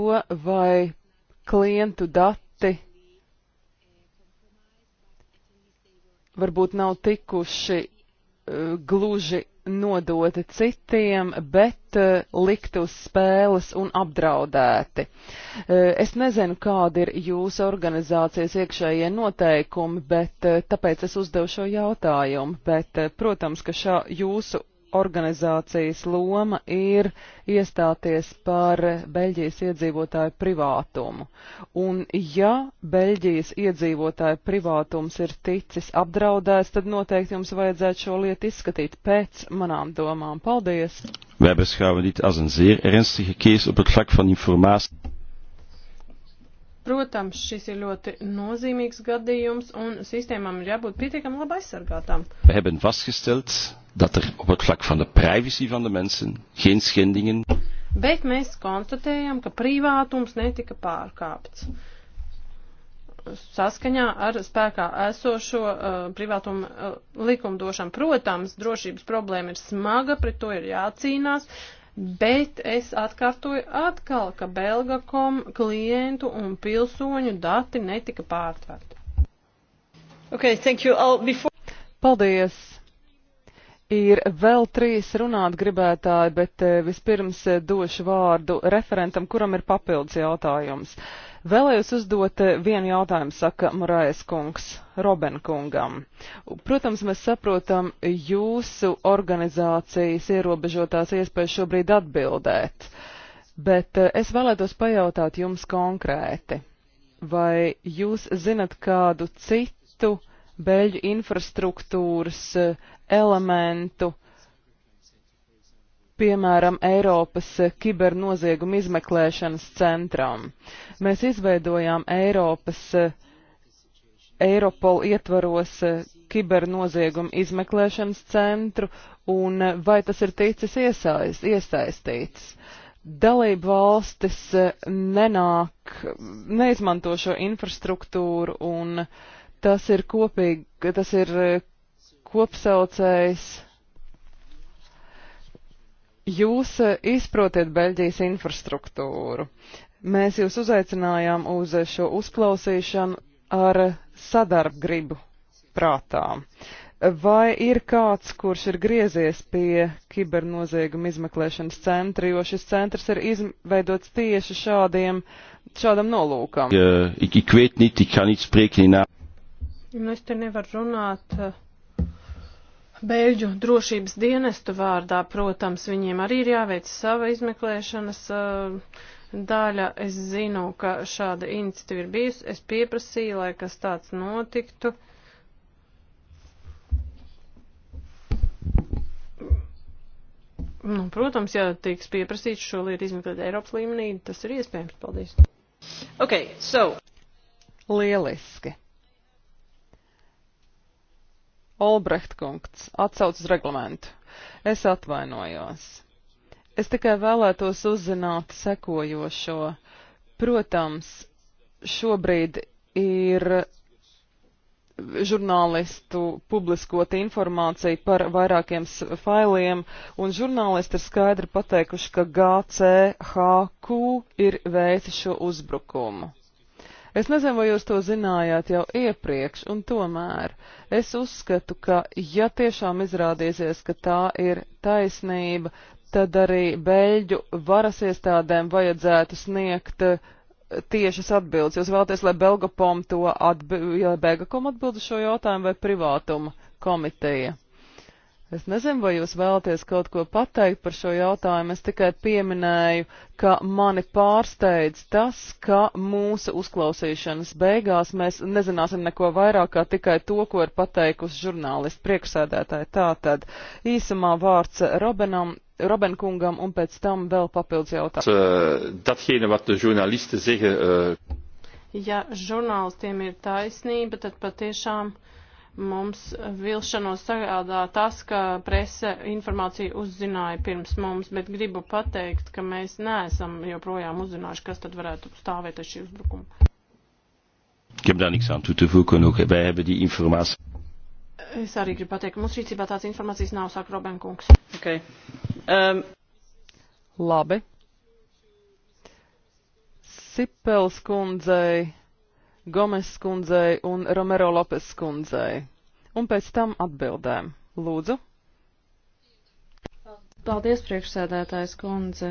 B: vai klientu dati varbūt nav tikuši uh, gluži nodoti citiem, bet uh, likt uz spēles un apdraudēti. Uh, es nezinu, kāda ir jūsu organizācijas iekšējie noteikumi, bet tāpēc es uzdevu šo jautājumu, bet, protams, ka šā jūsu organizācijas loma ir iestāties par Beļģijas iedzīvotāju privātumu. Un ja Beļģijas iedzīvotāju privātums ir ticis apdraudēts, tad noteikti jums vajadzētu šo lietu izskatīt pēc manām domām. Paldies!
F: Wij beschouwen dit als een zeer ernstige case op het vlak van informatie.
C: Protams, šis ir ļoti nozīmīgs gadījums, un sistēmām ir jābūt pietiekami labi aizsargātām.
F: We hebben vastgesteld dat er op het vlak van de privacy van de mensen geen schendingen.
C: Bet mēs konstatējam, ka privātums netika pārkāpts saskaņā ar spēkā esošo uh, eh, privātumu uh, eh, likumdošanu. Protams, drošības problēma ir smaga, pret to ir jācīnās, bet es atkārtoju atkal, ka Belgakom klientu un pilsoņu dati netika pārtverti.
B: Okay, thank you. I'll, oh, before... Paldies! Ir vēl trīs runāt gribētāji, bet eh, vispirms eh, došu vārdu referentam, kuram ir papildus jautājums. Uh, Vēlējos uzdot eh, vienu jautājumu, saka Morais kungs Robenkungam. Protams, mēs saprotam jūsu organizācijas ierobežotās iespējas šobrīd atbildēt, bet eh, es vēlētos pajautāt jums konkrēti, vai jūs zinat kādu citu beļu infrastruktūras eh, elementu, piemēram, Eiropas kibernozieguma izmeklēšanas centram. Mēs izveidojām Eiropas, Eiropol ietvaros kibernozieguma izmeklēšanas centru, un vai tas ir ticis iesaist, iesaistīts? Dalību valstis nenāk, neizmanto šo infrastruktūru, un tas ir kopīgi, tas ir eh, kopsaucējs Jūs eh, izprotiet Beļģijas infrastruktūru. Mēs jūs uzaicinājām uz eh, šo uzklausīšanu ar sadarbgribu prātā. Vai ir kāds, kurš ir griezies pie kibernozieguma izmeklēšanas centra, jo šis centrs ir izveidots
C: tieši šādiem, šādam nolūkam?
F: Uh, ik, ik weet niet, ik ga niet spreken in.
C: Nu, es te nevaru runāt uh, Beļģu drošības dienestu vārdā, protams, viņiem arī ir jāveic sava izmeklēšanas uh, daļa. Es zinu, ka šāda iniciatīva ir bijusi. Es pieprasīju, lai kas tāds notiktu. Nu, protams, ja tiks pieprasīts šo lietu izmeklēt Eiropas līmenī, tas ir iespējams. Paldies.
A: Okay, so.
C: Lieliski.
B: Olbrecht kungs atsauc uz reglamentu. Es atvainojos. Es tikai vēlētos uzzināt sekojošo. Protams, šobrīd ir žurnālistu publiskot informāciju par vairākiem failiem, un žurnālisti ir skaidri pateikuši, ka GCHQ ir veici šo uzbrukumu. Es nezinu, vai jūs to zinājāt jau iepriekš, un tomēr es uzskatu, ka ja tiešām izrādīsies, ka tā ir taisnība, tad arī beļģu varas iestādēm vajadzētu sniegt eh, tiešas atbildes. Jūs vēlaties, lai Belgapom to atbi ja Belgapom atbildu šo jautājumu vai privātuma komiteja? Es nezinu, vai jūs vēlaties kaut ko pateikt par šo jautājumu. Es tikai pieminēju, ka mani pārsteidz tas, ka mūsu uzklausīšanas beigās mēs nezināsim neko vairāk kā tikai to, ko ir pateikusi žurnālisti priekšsēdētāji. Tātad īsumā vārds Robenam. Robin kungam un pēc tam vēl papildus
E: jautājumu. Uh, uh,
C: ja žurnālistiem ir taisnība, tad patiešām. Uh, Mums vilšanos sagādā tas, ka prese informāciju uzzināja pirms mums, bet gribu pateikt, ka mēs neesam joprojām uzzinājuši, kas tad varētu stāvēt aiz šī uzbrukuma.
F: Ik heb daar niks aan toe te voegen. Ook wij hebben die informatie.
C: Es arī gribu pateikt, ka mūsu rīcībā tādas informācijas nav, saka Robenkungs. Okay. Um. Labi.
B: Sipels kundzei Gomes skundzei un Romero Lopes skundzei. Un pēc tam atbildēm. Lūdzu.
A: Paldies, priekšsēdētājs kundze.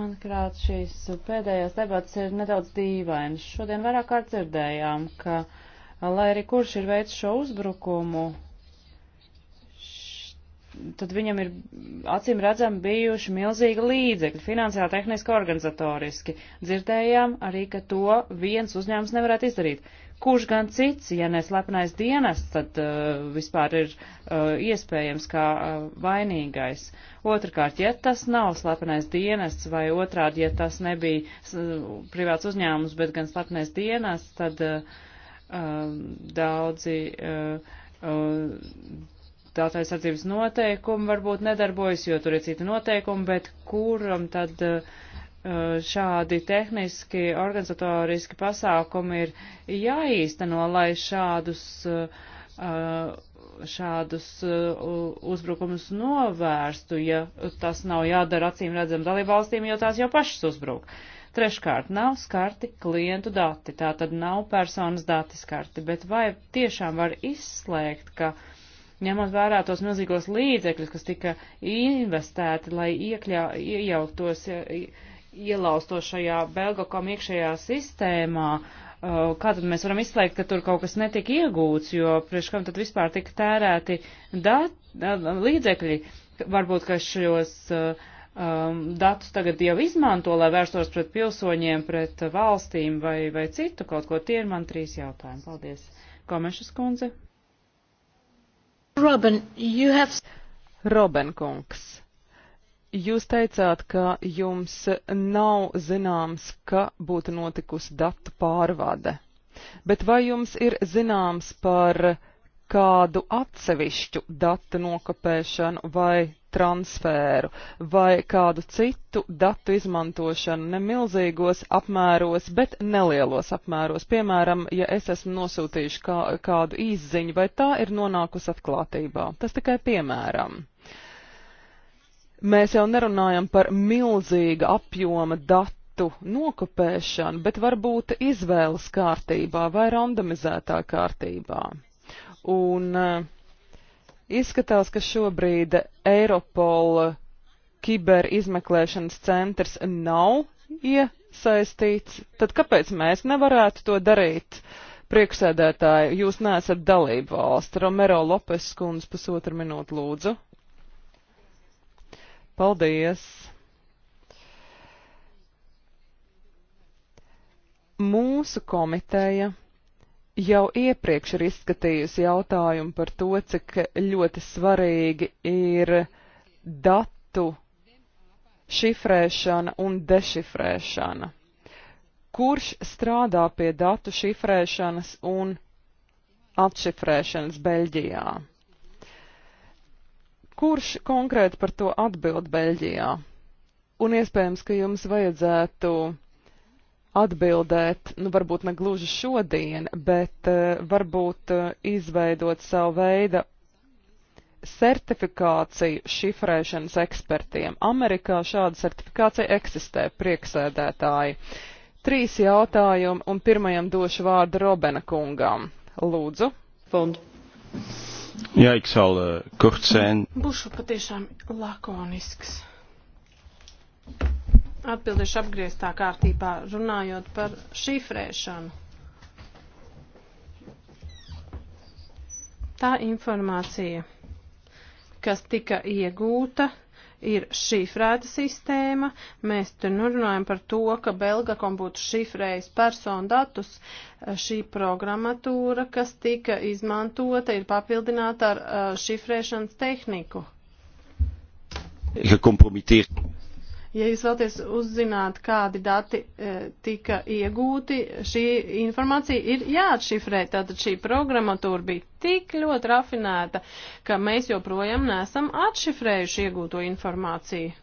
A: Manuprāt, šīs pēdējās debatas ir nedaudz dīvainas. Šodien vairāk kārt dzirdējām, ka, lai arī kurš ir veids šo uzbrukumu, tad viņam ir acīm redzami bijuši milzīgi līdzekļi, finansiāli, tehniski, organizatoriski. Dzirdējām arī, ka to viens uzņēmums nevarētu izdarīt. Kurš gan cits, ja neslepnais dienests, tad uh, vispār ir uh, iespējams kā uh, vainīgais. Otrakārt, ja tas nav slepenais dienests vai otrādi, ja tas nebija uh, privāts uzņēmums, bet gan slepenais dienests, tad uh, uh, daudzi. Uh, uh, datu aizsardzības noteikumi varbūt nedarbojas, jo tur ir citi noteikumi, bet kuram tad eh, šādi tehniski, organizatoriski pasākumi ir jāīsteno, lai šādus, eh, eh, šādus uzbrukumus novērstu, ja tas nav jādara acīm redzam dalībvalstīm, jo tās jau pašas uzbruk. Treškārt, nav skarti klientu dati, tā tad nav personas dati skarti, bet vai tiešām var izslēgt, ka uh, ņemot vērā tos milzīgos līdzekļus, kas tika investēti, lai iekļau, iejauktos, ielaustos šajā Belgakom iekšējā sistēmā, uh, kā tad mēs varam izslēgt, ka tur kaut kas netika iegūts, jo priekš kam tad vispār tika tērēti dat, līdzekļi, varbūt, ka šos uh, um, datus tagad jau izmanto, lai vērstos pret pilsoņiem, pret valstīm vai, vai citu kaut ko. Tie ir man trīs jautājumi. Paldies. Komešas kundze. Robin, have...
B: Robin kungs, jūs teicāt, ka jums nav zināms, ka būtu notikusi datu pārvade, bet vai jums ir zināms par uh, kādu atsevišķu datu nokopēšanu vai transferu vai kādu citu datu izmantošanu ne milzīgos apmēros, bet nelielos apmēros. Piemēram, ja es esmu nosūtījuši kā, kādu īsziņu, vai tā ir nonākusi atklātībā. Tas tikai piemēram. Mēs jau nerunājam par milzīga apjoma datu nokopēšanu, bet varbūt izvēles kārtībā vai randomizētā kārtībā un eh, izskatās, ka šobrīd Eiropola eh, kiberizmeklēšanas centrs nav iesaistīts, tad kāpēc mēs nevarētu to darīt? Priekšsēdētāji, jūs neesat dalība valsts. Romero Lopes skundz pusotru minūtu lūdzu. Paldies! Mūsu komiteja jau iepriekš ir izskatījusi jautājumu par to, cik ļoti svarīgi ir datu šifrēšana un dešifrēšana. Kurš strādā pie datu šifrēšanas un atšifrēšanas Beļģijā? Kurš konkrēti par to atbild Beļģijā? Un iespējams, ka jums vajadzētu atbildēt, nu varbūt ne gluži šodien, bet uh, varbūt uh, izveidot savu veidu certifikāciju šifrēšanas ekspertiem. Amerikā šāda certifikācija eksistē, prieksēdētāji. Trīs jautājumi un pirmajam došu vārdu Robena kungam. Lūdzu. Fund.
F: Jā, ik zal uh, kort zijn.
A: Būšu
C: patiešām lakonisks. Atbildēšu apgrieztā kārtībā, runājot par šifrēšanu. Tā informācija, kas tika iegūta, ir šifrēta sistēma. Mēs te nu runājam par to, ka Belgakom būtu šifrējis personu datus. Šī programmatūra, kas tika izmantota, ir papildināta ar šifrēšanas tehniku. Ja jūs vēlaties uzzināt, kādi dati e, tika iegūti, šī informācija ir jāatšifrē. Tātad šī programmatūra bija tik ļoti rafinēta, ka mēs joprojām nesam atšifrējuši iegūto informāciju.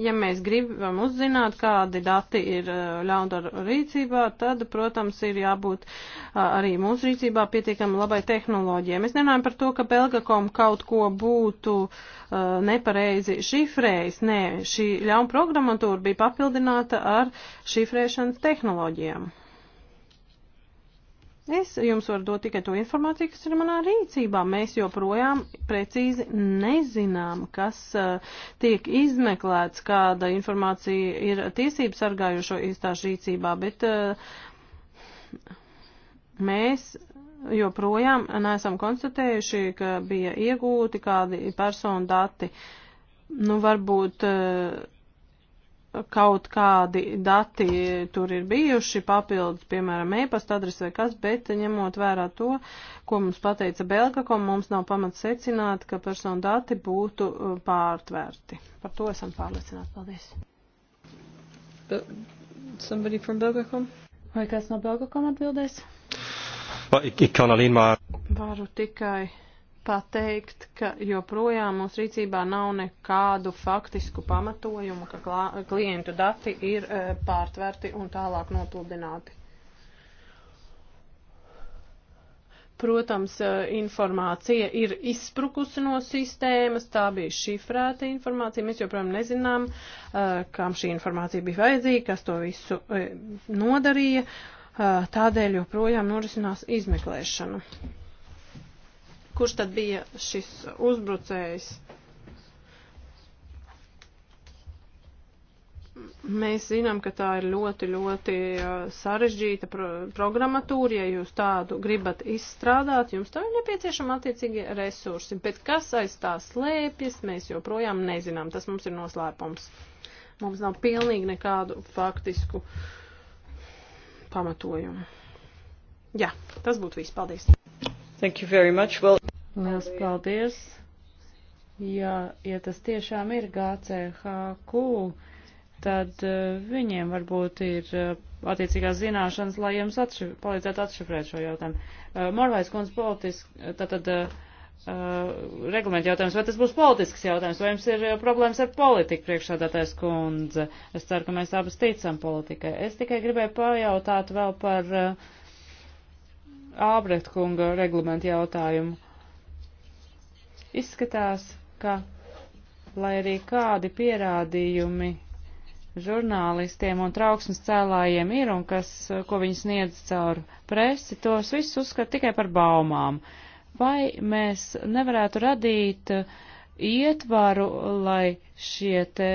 C: Ja mēs gribam uzzināt, kādi dati ir eh, ļaundaru rīcībā, tad, protams, ir jābūt arī mūsu rīcībā pietiekami labai tehnoloģijai. Mēs nerunājam par to, ka Belgakom kaut ko būtu nepareizi šifrējis. Nē, šī ļaunprogrammatūra bija papildināta ar šifrēšanas tehnoloģijām. Es jums varu dot tikai to informāciju, kas ir manā rīcībā. Mēs joprojām precīzi nezinām, kas uh, tiek izmeklēts, kāda informācija ir tiesību sargājušo iestāžu rīcībā, bet uh, mēs joprojām neesam konstatējuši, ka bija iegūti kādi personu dati. Nu, varbūt. Uh, kaut kādi dati tur ir bijuši, papildus, piemēram, e-pasta adrese vai kas, bet ņemot vērā to, ko mums pateica Belgakom, mums nav pamats secināt, ka personu dati būtu uh, pārtvērti. Par to esam pārliecināti. Paldies. Be somebody from Belgakom? Vai kāds no Belgakom atbildēs?
D: Vai, ik, ik kan alleen maar.
C: Varu tikai pateikt, ka joprojām mūsu rīcībā nav nekādu faktisku pamatojumu, ka klā, klientu dati ir e, pārtverti un tālāk nopludināti. Protams, e, informācija ir izsprukusi no sistēmas, tā bija šifrēta informācija. Mēs joprojām nezinām, e, kam šī informācija bija vajadzīga, kas to visu e, nodarīja. E, tādēļ joprojām norisinās izmeklēšana kurš tad bija šis uzbrucējs. Mēs zinām, ka tā ir ļoti, ļoti sarežģīta pro programmatūra. Ja jūs tādu gribat izstrādāt, jums tam ir nepieciešama attiecīgie resursi. Bet kas aiz tā slēpjas, mēs joprojām nezinām. Tas mums ir noslēpums. Mums nav pilnīgi nekādu faktisku pamatojumu. Jā, tas būtu viss. Paldies!
A: Thank you very much. Well... Liels paldies. Ja, ja tas tiešām ir GCHQ, tad uh, viņiem varbūt ir uh, attiecīgās zināšanas, lai jums atšif palīdzētu atšifrēt šo jautājumu. Uh, Morvais kundze politiski, tātad uh, reglamenta jautājums, vai tas būs politisks jautājums, vai jums ir problēmas ar politiku priekšādātais kundze. Es ceru, ka mēs abas ticam politikai. Es tikai gribēju pajautāt vēl par. Uh, Ābret kunga reglamentu jautājumu. Izskatās, ka, lai arī kādi pierādījumi žurnālistiem un trauksmes cēlājiem ir un kas, ko viņi sniedz caur presi, tos visus uzskat tikai par baumām. Vai mēs nevarētu radīt ietvaru, lai šie te,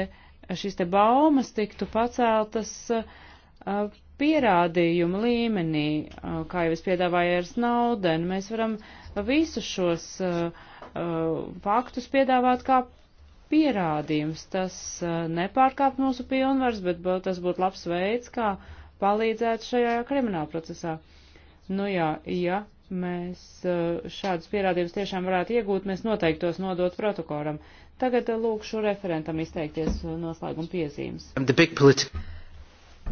A: šīs te baumas tiktu paceltas uh, pierādījumu līmenī, kā jau es piedāvāju ar Snaudenu, mēs varam visus šos faktus piedāvāt kā pierādījums. Tas nepārkāp mūsu pilnvars, bet tas būtu labs veids, kā palīdzēt šajā krimināla procesā. Nu jā, ja mēs šādus pierādījumus tiešām varētu iegūt, mēs noteikti tos nodot protokolam. Tagad lūkšu referentam izteikties noslēguma piezīmes.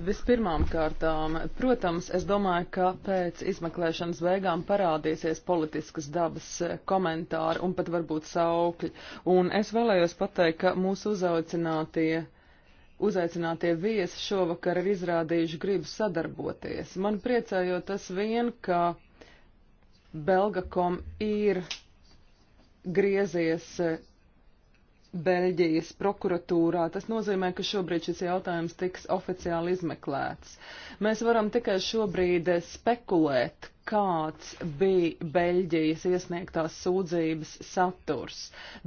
A: Vispirmām kārtām, protams, es
B: domāju, ka pēc izmeklēšanas beigām parādīsies politiskas dabas eh, komentāri un pat varbūt saukļi. Un es vēlējos pateikt, ka mūsu uzaicinātie, uzaicinātie viesi šovakar ir izrādījuši gribu sadarboties. Man priecējo tas vien, ka Belgakom ir griezies eh, Beļģijas prokuratūrā. Tas nozīmē, ka šobrīd šis jautājums tiks oficiāli izmeklēts. Mēs varam tikai šobrīd spekulēt, kāds bija Beļģijas iesniegtās sūdzības saturs,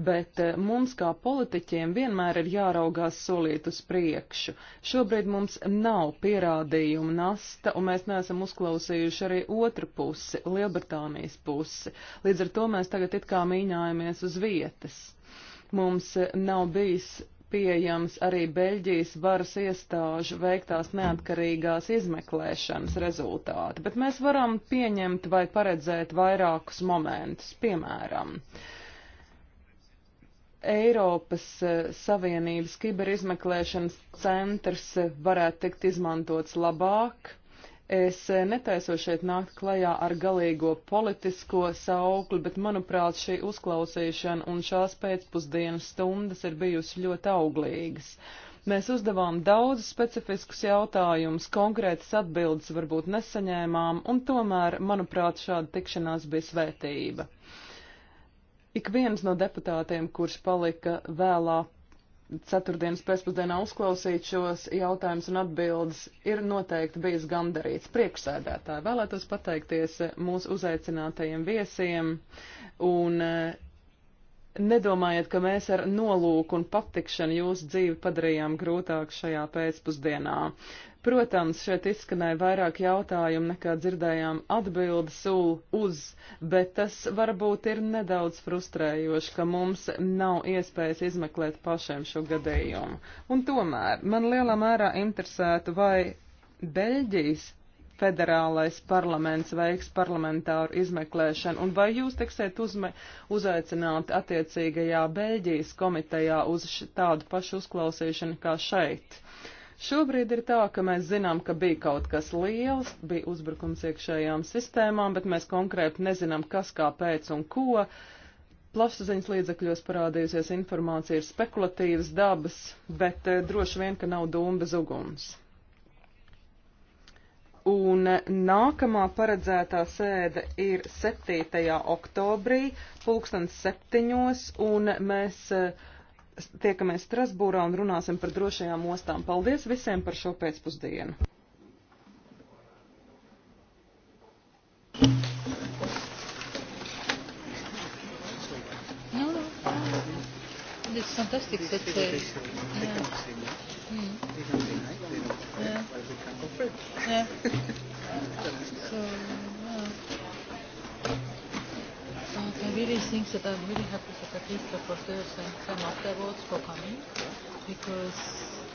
B: bet eh, mums kā politiķiem vienmēr ir jāraugās solīt uz priekšu. Šobrīd mums nav pierādījumu nasta, un mēs neesam uzklausījuši arī otru pusi, Lielbritānijas pusi. Līdz ar to mēs tagad it kā mīņājamies uz vietas. Mums nav bijis pieejams arī Beļģijas varas iestāžu veiktās neatkarīgās izmeklēšanas rezultāti, bet mēs varam pieņemt vai paredzēt vairākus momentus, piemēram. Eiropas eh, Savienības kiberizmeklēšanas centrs eh, varētu tikt izmantots labāk, Es netaisu šeit nākt klajā ar galīgo politisko saukli, bet manuprāt šī uzklausīšana un šās pēcpusdienas stundas ir bijusi ļoti auglīgas. Mēs uzdevām daudz specifiskus jautājumus, konkrētas atbildes varbūt nesaņēmām, un tomēr, manuprāt, šāda tikšanās bija svētība. Ik viens no deputātiem, kurš palika vēlā ceturtdienas pēcpusdienā uzklausīt šos jautājumus un atbildes, ir noteikti bijis gandarīts priekšsēdētāji. Vēlētos pateikties mūsu uzaicinātajiem viesiem un eh, nedomājiet, ka mēs ar nolūku un patikšanu jūsu dzīvi padarījām grūtāk šajā pēcpusdienā. Protams, šeit izskanēja vairāk jautājumu nekā dzirdējām atbildes uz, bet tas varbūt ir nedaudz frustrējoši, ka mums nav iespējas izmeklēt pašiem šo gadījumu. Un tomēr man lielā mērā interesētu, vai Beļģijas federālais parlaments veiks parlamentāru izmeklēšanu, un vai jūs tiksiet uzme, uzaicināti attiecīgajā Beļģijas komitejā uz š, tādu pašu uzklausīšanu kā šeit? Šobrīd ir tā, ka mēs zinām, ka bija kaut kas liels, bija uzbrukums iekšējām sistēmām, bet mēs konkrēti nezinām, kas, kāpēc un ko. Plašsaziņas līdzekļos parādījusies informācija ir spekulatīvas dabas, bet eh, droši vien, ka nav dūma bez uguns. Un eh, nākamā paredzētā sēde ir 7. oktobrī, pulkstens septiņos, un mēs eh, tiekamies Strasbūrā un runāsim par drošajām ostām. Paldies visiem par šo pēcpusdienu!
F: No, no,
D: it's fantastic that they, uh, yeah. Mm. they
E: can be nice, they don't care, yeah. but we can cooperate. Yeah. really
A: think that I'm really happy that at least the first and some afterwards for coming because